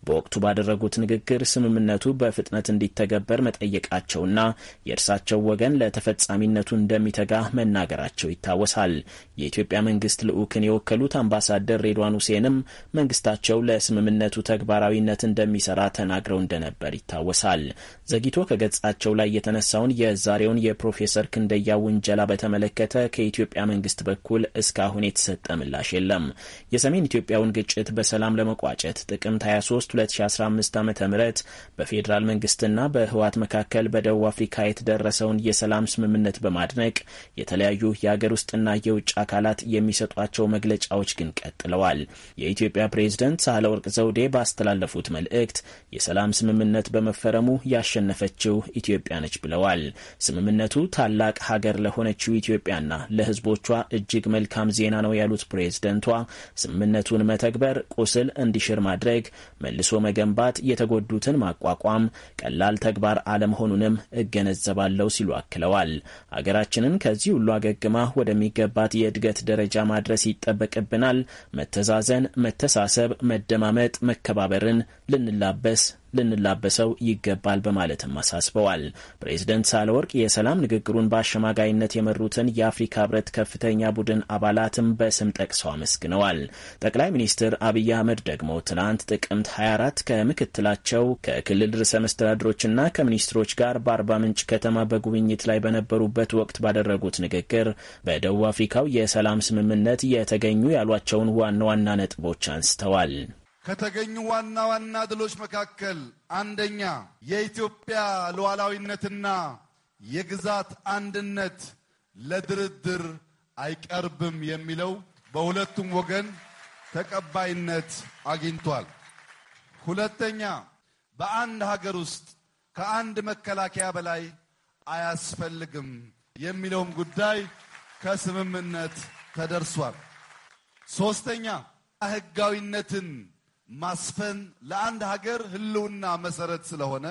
በወቅቱ ባደረጉት ንግግር ስምምነቱ በፍጥነት እንዲተገበር መጠየቃቸውና የእርሳቸው ወገን ለተፈጻሚነቱ እንደሚተጋ መናገራቸው ይታወሳል። የኢትዮጵያ መንግስት ልዑክን የወከሉት አምባሳደር ሬድዋን ሁሴንም መንግስት መንግስታቸው ለስምምነቱ ተግባራዊነት እንደሚሰራ ተናግረው እንደነበር ይታወሳል። ዘግይቶ ከገጻቸው ላይ የተነሳውን የዛሬውን የፕሮፌሰር ክንደያ ውንጀላ በተመለከተ ከኢትዮጵያ መንግስት በኩል እስካሁን የተሰጠ ምላሽ የለም። የሰሜን ኢትዮጵያውን ግጭት በሰላም ለመቋጨት ጥቅምት 23 2015 ዓ ም በፌዴራል መንግስትና በህወሓት መካከል በደቡብ አፍሪካ የተደረሰውን የሰላም ስምምነት በማድነቅ የተለያዩ የአገር ውስጥና የውጭ አካላት የሚሰጧቸው መግለጫዎች ግን ቀጥለዋል። የኢትዮጵያ ፕሬዝ ፕሬዝደንት ሳህለወርቅ ዘውዴ ባስተላለፉት መልእክት የሰላም ስምምነት በመፈረሙ ያሸነፈችው ኢትዮጵያ ነች ብለዋል። ስምምነቱ ታላቅ ሀገር ለሆነችው ኢትዮጵያና ለሕዝቦቿ እጅግ መልካም ዜና ነው ያሉት ፕሬዝደንቷ ስምምነቱን መተግበር ቁስል እንዲሽር ማድረግ፣ መልሶ መገንባት፣ የተጎዱትን ማቋቋም ቀላል ተግባር አለመሆኑንም እገነዘባለሁ ሲሉ አክለዋል። ሀገራችንን ከዚህ ሁሉ አገግማ ወደሚገባት የእድገት ደረጃ ማድረስ ይጠበቅብናል። መተዛዘን፣ መተሳሰ መተሳሰብ፣ መደማመጥ፣ መከባበርን ልንላበስ ልንላበሰው ይገባል በማለትም አሳስበዋል። ፕሬዝደንት ሳለወርቅ የሰላም ንግግሩን በአሸማጋይነት የመሩትን የአፍሪካ ህብረት ከፍተኛ ቡድን አባላትም በስም ጠቅሰው አመስግነዋል። ጠቅላይ ሚኒስትር አብይ አህመድ ደግሞ ትናንት ጥቅምት 24 ከምክትላቸው ከክልል ርዕሰ መስተዳድሮችና ከሚኒስትሮች ጋር በአርባ ምንጭ ከተማ በጉብኝት ላይ በነበሩበት ወቅት ባደረጉት ንግግር በደቡብ አፍሪካው የሰላም ስምምነት የተገኙ ያሏቸውን ዋና ዋና ነጥቦች አንስተዋል። ከተገኙ ዋና ዋና ድሎች መካከል አንደኛ የኢትዮጵያ ሉዓላዊነትና የግዛት አንድነት ለድርድር አይቀርብም የሚለው በሁለቱም ወገን ተቀባይነት አግኝቷል። ሁለተኛ በአንድ ሀገር ውስጥ ከአንድ መከላከያ በላይ አያስፈልግም የሚለውም ጉዳይ ከስምምነት ተደርሷል። ሶስተኛ ህጋዊነትን ማስፈን ለአንድ ሀገር ህልውና መሰረት ስለሆነ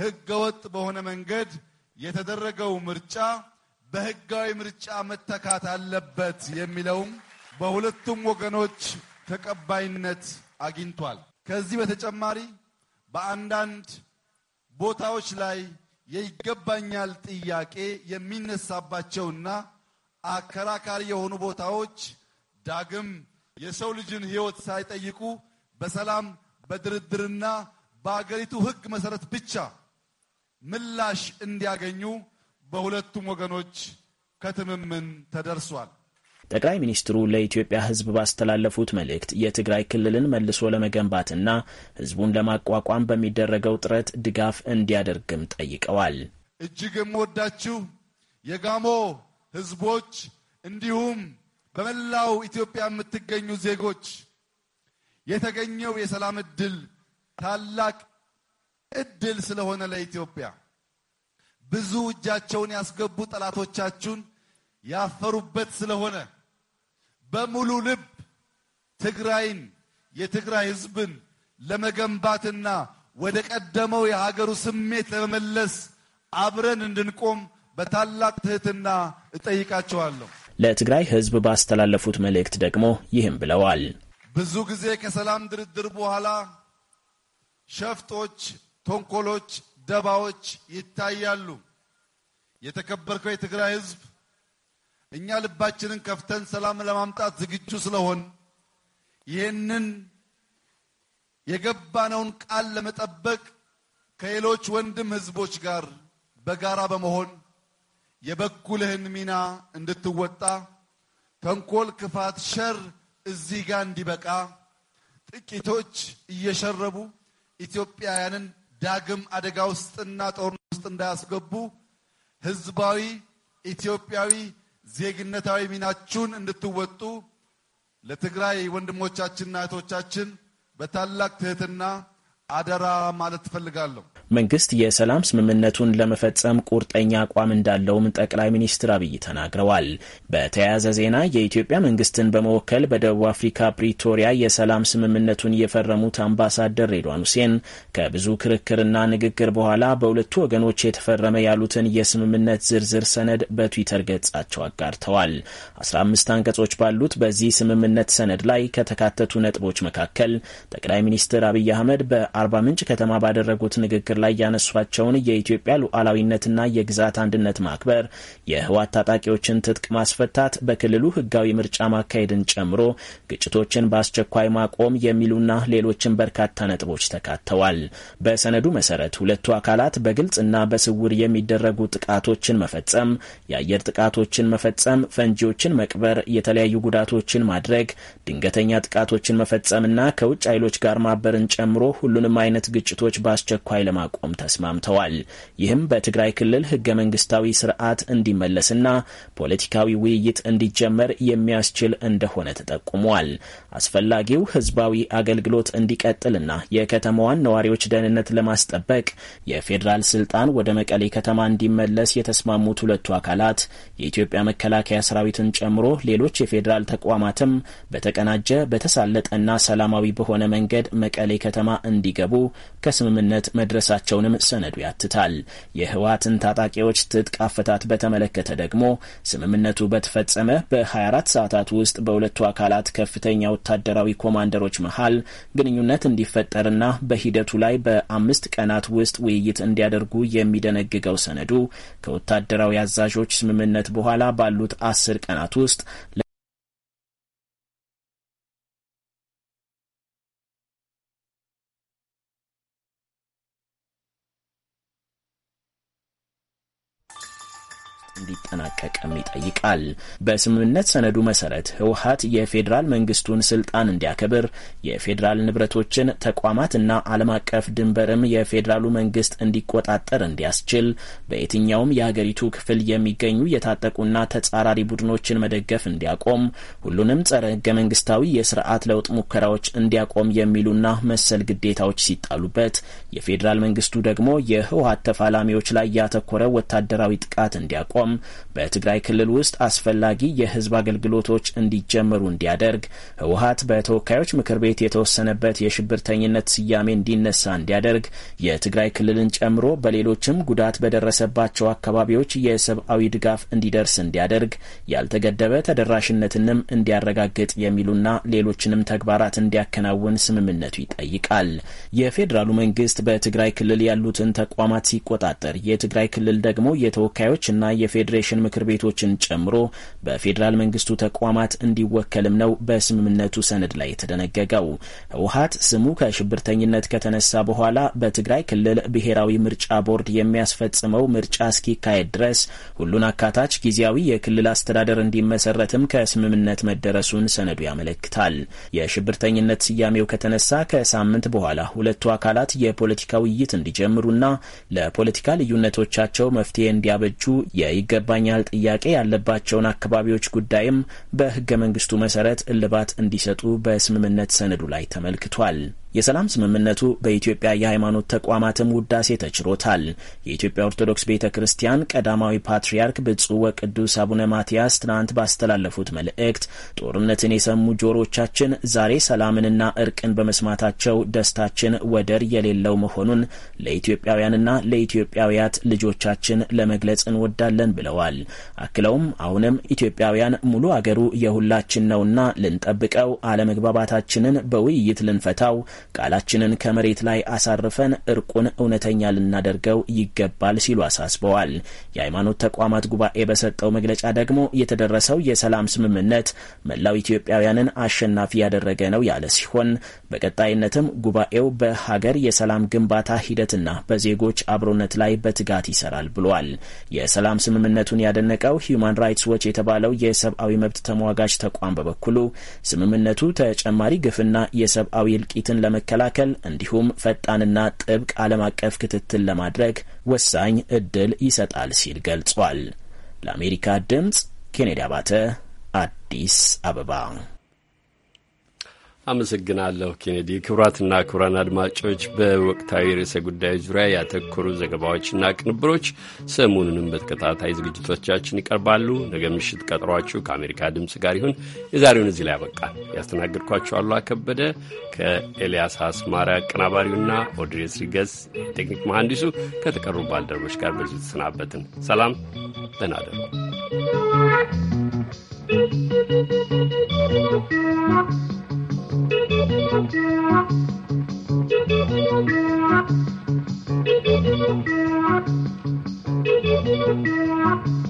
ህገወጥ በሆነ መንገድ የተደረገው ምርጫ በህጋዊ ምርጫ መተካት አለበት የሚለውም በሁለቱም ወገኖች ተቀባይነት አግኝቷል። ከዚህ በተጨማሪ በአንዳንድ ቦታዎች ላይ የይገባኛል ጥያቄ የሚነሳባቸውና አከራካሪ የሆኑ ቦታዎች ዳግም የሰው ልጅን ሕይወት ሳይጠይቁ በሰላም በድርድርና በአገሪቱ ሕግ መሰረት ብቻ ምላሽ እንዲያገኙ በሁለቱም ወገኖች ከትምምን ተደርሷል። ጠቅላይ ሚኒስትሩ ለኢትዮጵያ ሕዝብ ባስተላለፉት መልእክት የትግራይ ክልልን መልሶ ለመገንባትና ህዝቡን ለማቋቋም በሚደረገው ጥረት ድጋፍ እንዲያደርግም ጠይቀዋል። እጅግ የምወዳችሁ የጋሞ ህዝቦች እንዲሁም በመላው ኢትዮጵያ የምትገኙ ዜጎች የተገኘው የሰላም እድል ታላቅ እድል ስለሆነ ለኢትዮጵያ ብዙ እጃቸውን ያስገቡ ጠላቶቻችሁን ያፈሩበት ስለሆነ በሙሉ ልብ ትግራይን የትግራይ ሕዝብን ለመገንባትና ወደ ቀደመው የሀገሩ ስሜት ለመመለስ አብረን እንድንቆም በታላቅ ትህትና እጠይቃችኋለሁ። ለትግራይ ሕዝብ ባስተላለፉት መልእክት ደግሞ ይህም ብለዋል። ብዙ ጊዜ ከሰላም ድርድር በኋላ ሸፍጦች፣ ተንኮሎች፣ ደባዎች ይታያሉ። የተከበርከው የትግራይ ሕዝብ እኛ ልባችንን ከፍተን ሰላም ለማምጣት ዝግጁ ስለሆን ይህንን የገባነውን ቃል ለመጠበቅ ከሌሎች ወንድም ሕዝቦች ጋር በጋራ በመሆን የበኩልህን ሚና እንድትወጣ ተንኮል፣ ክፋት፣ ሸር እዚህ ጋር እንዲበቃ ጥቂቶች እየሸረቡ ኢትዮጵያውያንን ዳግም አደጋ ውስጥና ጦርነት ውስጥ እንዳያስገቡ ህዝባዊ ኢትዮጵያዊ ዜግነታዊ ሚናችሁን እንድትወጡ ለትግራይ ወንድሞቻችንና እህቶቻችን በታላቅ ትህትና አደራ ማለት ትፈልጋለሁ። መንግስት የሰላም ስምምነቱን ለመፈጸም ቁርጠኛ አቋም እንዳለውም ጠቅላይ ሚኒስትር አብይ ተናግረዋል። በተያያዘ ዜና የኢትዮጵያ መንግስትን በመወከል በደቡብ አፍሪካ ፕሪቶሪያ የሰላም ስምምነቱን የፈረሙት አምባሳደር ሬድዋን ሁሴን ከብዙ ክርክርና ንግግር በኋላ በሁለቱ ወገኖች የተፈረመ ያሉትን የስምምነት ዝርዝር ሰነድ በትዊተር ገጻቸው አጋርተዋል። 15 አንቀጾች ባሉት በዚህ ስምምነት ሰነድ ላይ ከተካተቱ ነጥቦች መካከል ጠቅላይ ሚኒስትር አብይ አህመድ በ አርባ ምንጭ ከተማ ባደረጉት ንግግር ላይ ያነሷቸውን የኢትዮጵያ ሉዓላዊነትና የግዛት አንድነት ማክበር፣ የህወሓት ታጣቂዎችን ትጥቅ ማስፈታት፣ በክልሉ ህጋዊ ምርጫ ማካሄድን ጨምሮ ግጭቶችን በአስቸኳይ ማቆም የሚሉና ሌሎችን በርካታ ነጥቦች ተካተዋል። በሰነዱ መሰረት ሁለቱ አካላት በግልጽና በስውር የሚደረጉ ጥቃቶችን መፈጸም፣ የአየር ጥቃቶችን መፈጸም፣ ፈንጂዎችን መቅበር፣ የተለያዩ ጉዳቶችን ማድረግ፣ ድንገተኛ ጥቃቶችን መፈጸምና ከውጭ ኃይሎች ጋር ማበርን ጨምሮ ሁሉን ሁሉንም አይነት ግጭቶች በአስቸኳይ ለማቆም ተስማምተዋል። ይህም በትግራይ ክልል ህገ መንግስታዊ ስርዓት እንዲመለስና ፖለቲካዊ ውይይት እንዲጀመር የሚያስችል እንደሆነ ተጠቁሟል። አስፈላጊው ህዝባዊ አገልግሎት እንዲቀጥልና የከተማዋን ነዋሪዎች ደህንነት ለማስጠበቅ የፌዴራል ስልጣን ወደ መቀሌ ከተማ እንዲመለስ የተስማሙት ሁለቱ አካላት የኢትዮጵያ መከላከያ ሰራዊትን ጨምሮ ሌሎች የፌዴራል ተቋማትም በተቀናጀ በተሳለጠና ሰላማዊ በሆነ መንገድ መቀሌ ከተማ እንዲ እንዲገቡ ከስምምነት መድረሳቸውንም ሰነዱ ያትታል። የህወሓትን ታጣቂዎች ትጥቅ አፈታት በተመለከተ ደግሞ ስምምነቱ በተፈጸመ በ24 ሰዓታት ውስጥ በሁለቱ አካላት ከፍተኛ ወታደራዊ ኮማንደሮች መሃል ግንኙነት እንዲፈጠርና በሂደቱ ላይ በአምስት ቀናት ውስጥ ውይይት እንዲያደርጉ የሚደነግገው ሰነዱ ከወታደራዊ አዛዦች ስምምነት በኋላ ባሉት አስር ቀናት ውስጥ እንዲያስፈጽም ይጠይቃል። በስምምነት ሰነዱ መሰረት ህወሀት የፌዴራል መንግስቱን ስልጣን እንዲያከብር፣ የፌዴራል ንብረቶችን ተቋማትና ዓለም አቀፍ ድንበርም የፌዴራሉ መንግስት እንዲቆጣጠር እንዲያስችል፣ በየትኛውም የአገሪቱ ክፍል የሚገኙ የታጠቁና ተጻራሪ ቡድኖችን መደገፍ እንዲያቆም፣ ሁሉንም ጸረ ህገ መንግስታዊ የስርዓት ለውጥ ሙከራዎች እንዲያቆም የሚሉና መሰል ግዴታዎች ሲጣሉበት የፌዴራል መንግስቱ ደግሞ የህወሀት ተፋላሚዎች ላይ ያተኮረ ወታደራዊ ጥቃት እንዲያቆም፣ በትግራይ በትግራይ ክልል ውስጥ አስፈላጊ የህዝብ አገልግሎቶች እንዲጀመሩ እንዲያደርግ፣ ህወሀት በተወካዮች ምክር ቤት የተወሰነበት የሽብርተኝነት ስያሜ እንዲነሳ እንዲያደርግ፣ የትግራይ ክልልን ጨምሮ በሌሎችም ጉዳት በደረሰባቸው አካባቢዎች የሰብአዊ ድጋፍ እንዲደርስ እንዲያደርግ፣ ያልተገደበ ተደራሽነትንም እንዲያረጋግጥ የሚሉና ሌሎችንም ተግባራት እንዲያከናውን ስምምነቱ ይጠይቃል። የፌዴራሉ መንግስት በትግራይ ክልል ያሉትን ተቋማት ሲቆጣጠር፣ የትግራይ ክልል ደግሞ የተወካዮች እና የፌዴሬሽን ምክር ቤቱ ድርጅቶችን ጨምሮ በፌዴራል መንግስቱ ተቋማት እንዲወከልም ነው በስምምነቱ ሰነድ ላይ የተደነገገው። ህወሀት ስሙ ከሽብርተኝነት ከተነሳ በኋላ በትግራይ ክልል ብሔራዊ ምርጫ ቦርድ የሚያስፈጽመው ምርጫ እስኪካሄድ ድረስ ሁሉን አካታች ጊዜያዊ የክልል አስተዳደር እንዲመሰረትም ከስምምነት መደረሱን ሰነዱ ያመለክታል። የሽብርተኝነት ስያሜው ከተነሳ ከሳምንት በኋላ ሁለቱ አካላት የፖለቲካ ውይይት እንዲጀምሩና ለፖለቲካ ልዩነቶቻቸው መፍትሄ እንዲያበጁ የይገባኛል ጥያቄ ጥያቄ ያለባቸውን አካባቢዎች ጉዳይም በህገ መንግስቱ መሰረት እልባት እንዲሰጡ በስምምነት ሰነዱ ላይ ተመልክቷል። የሰላም ስምምነቱ በኢትዮጵያ የሃይማኖት ተቋማትም ውዳሴ ተችሮታል። የኢትዮጵያ ኦርቶዶክስ ቤተ ክርስቲያን ቀዳማዊ ፓትርያርክ ብፁዕ ወቅዱስ አቡነ ማትያስ ትናንት ባስተላለፉት መልእክት ጦርነትን የሰሙ ጆሮቻችን ዛሬ ሰላምንና እርቅን በመስማታቸው ደስታችን ወደር የሌለው መሆኑን ለኢትዮጵያውያንና ለኢትዮጵያውያት ልጆቻችን ለመግለጽ እንወዳለን ብለዋል። አክለውም አሁንም ኢትዮጵያውያን ሙሉ አገሩ የሁላችን ነውና ልንጠብቀው፣ አለመግባባታችንን በውይይት ልንፈታው፣ ቃላችንን ከመሬት ላይ አሳርፈን እርቁን እውነተኛ ልናደርገው ይገባል ሲሉ አሳስበዋል። የሃይማኖት ተቋማት ጉባኤ በሰጠው መግለጫ ደግሞ የተደረሰው የሰላም ስምምነት መላው ኢትዮጵያውያንን አሸናፊ ያደረገ ነው ያለ ሲሆን በቀጣይነትም ጉባኤው በሀገር የሰላም ግንባታ ሂደትና በዜጎች አብሮነት ላይ በትጋት ይሰራል ብሏል። የሰላም ስምምነቱን ያደነቀው ሂዩማን ራይትስ ዎች የተባለው የሰብአዊ መብት ተሟጋች ተቋም በበኩሉ ስምምነቱ ተጨማሪ ግፍና የሰብአዊ እልቂትን ለመከላከል እንዲሁም ፈጣንና ጥብቅ ዓለም አቀፍ ክትትል ለማድረግ ወሳኝ እድል ይሰጣል ሲል ገልጿል። ለአሜሪካ ድምፅ ኬኔዲ አባተ አዲስ አበባ አመሰግናለሁ ኬኔዲ። ክቡራትና ክቡራን አድማጮች በወቅታዊ ርዕሰ ጉዳዮች ዙሪያ ያተኮሩ ዘገባዎችና ቅንብሮች ሰሞኑንም በተከታታይ ዝግጅቶቻችን ይቀርባሉ። ነገ ምሽት ቀጥሯችሁ ከአሜሪካ ድምፅ ጋር ይሁን። የዛሬውን እዚህ ላይ ያበቃል። ያስተናግድኳችሁ አሉ ከበደ ከኤልያስ አስማረ አቀናባሪውና ኦድሬስ ሪገስ ቴክኒክ መሐንዲሱ ከተቀሩ ባልደረቦች ጋር በዚሁ ተሰናበትን። ሰላም ደህና Thank you.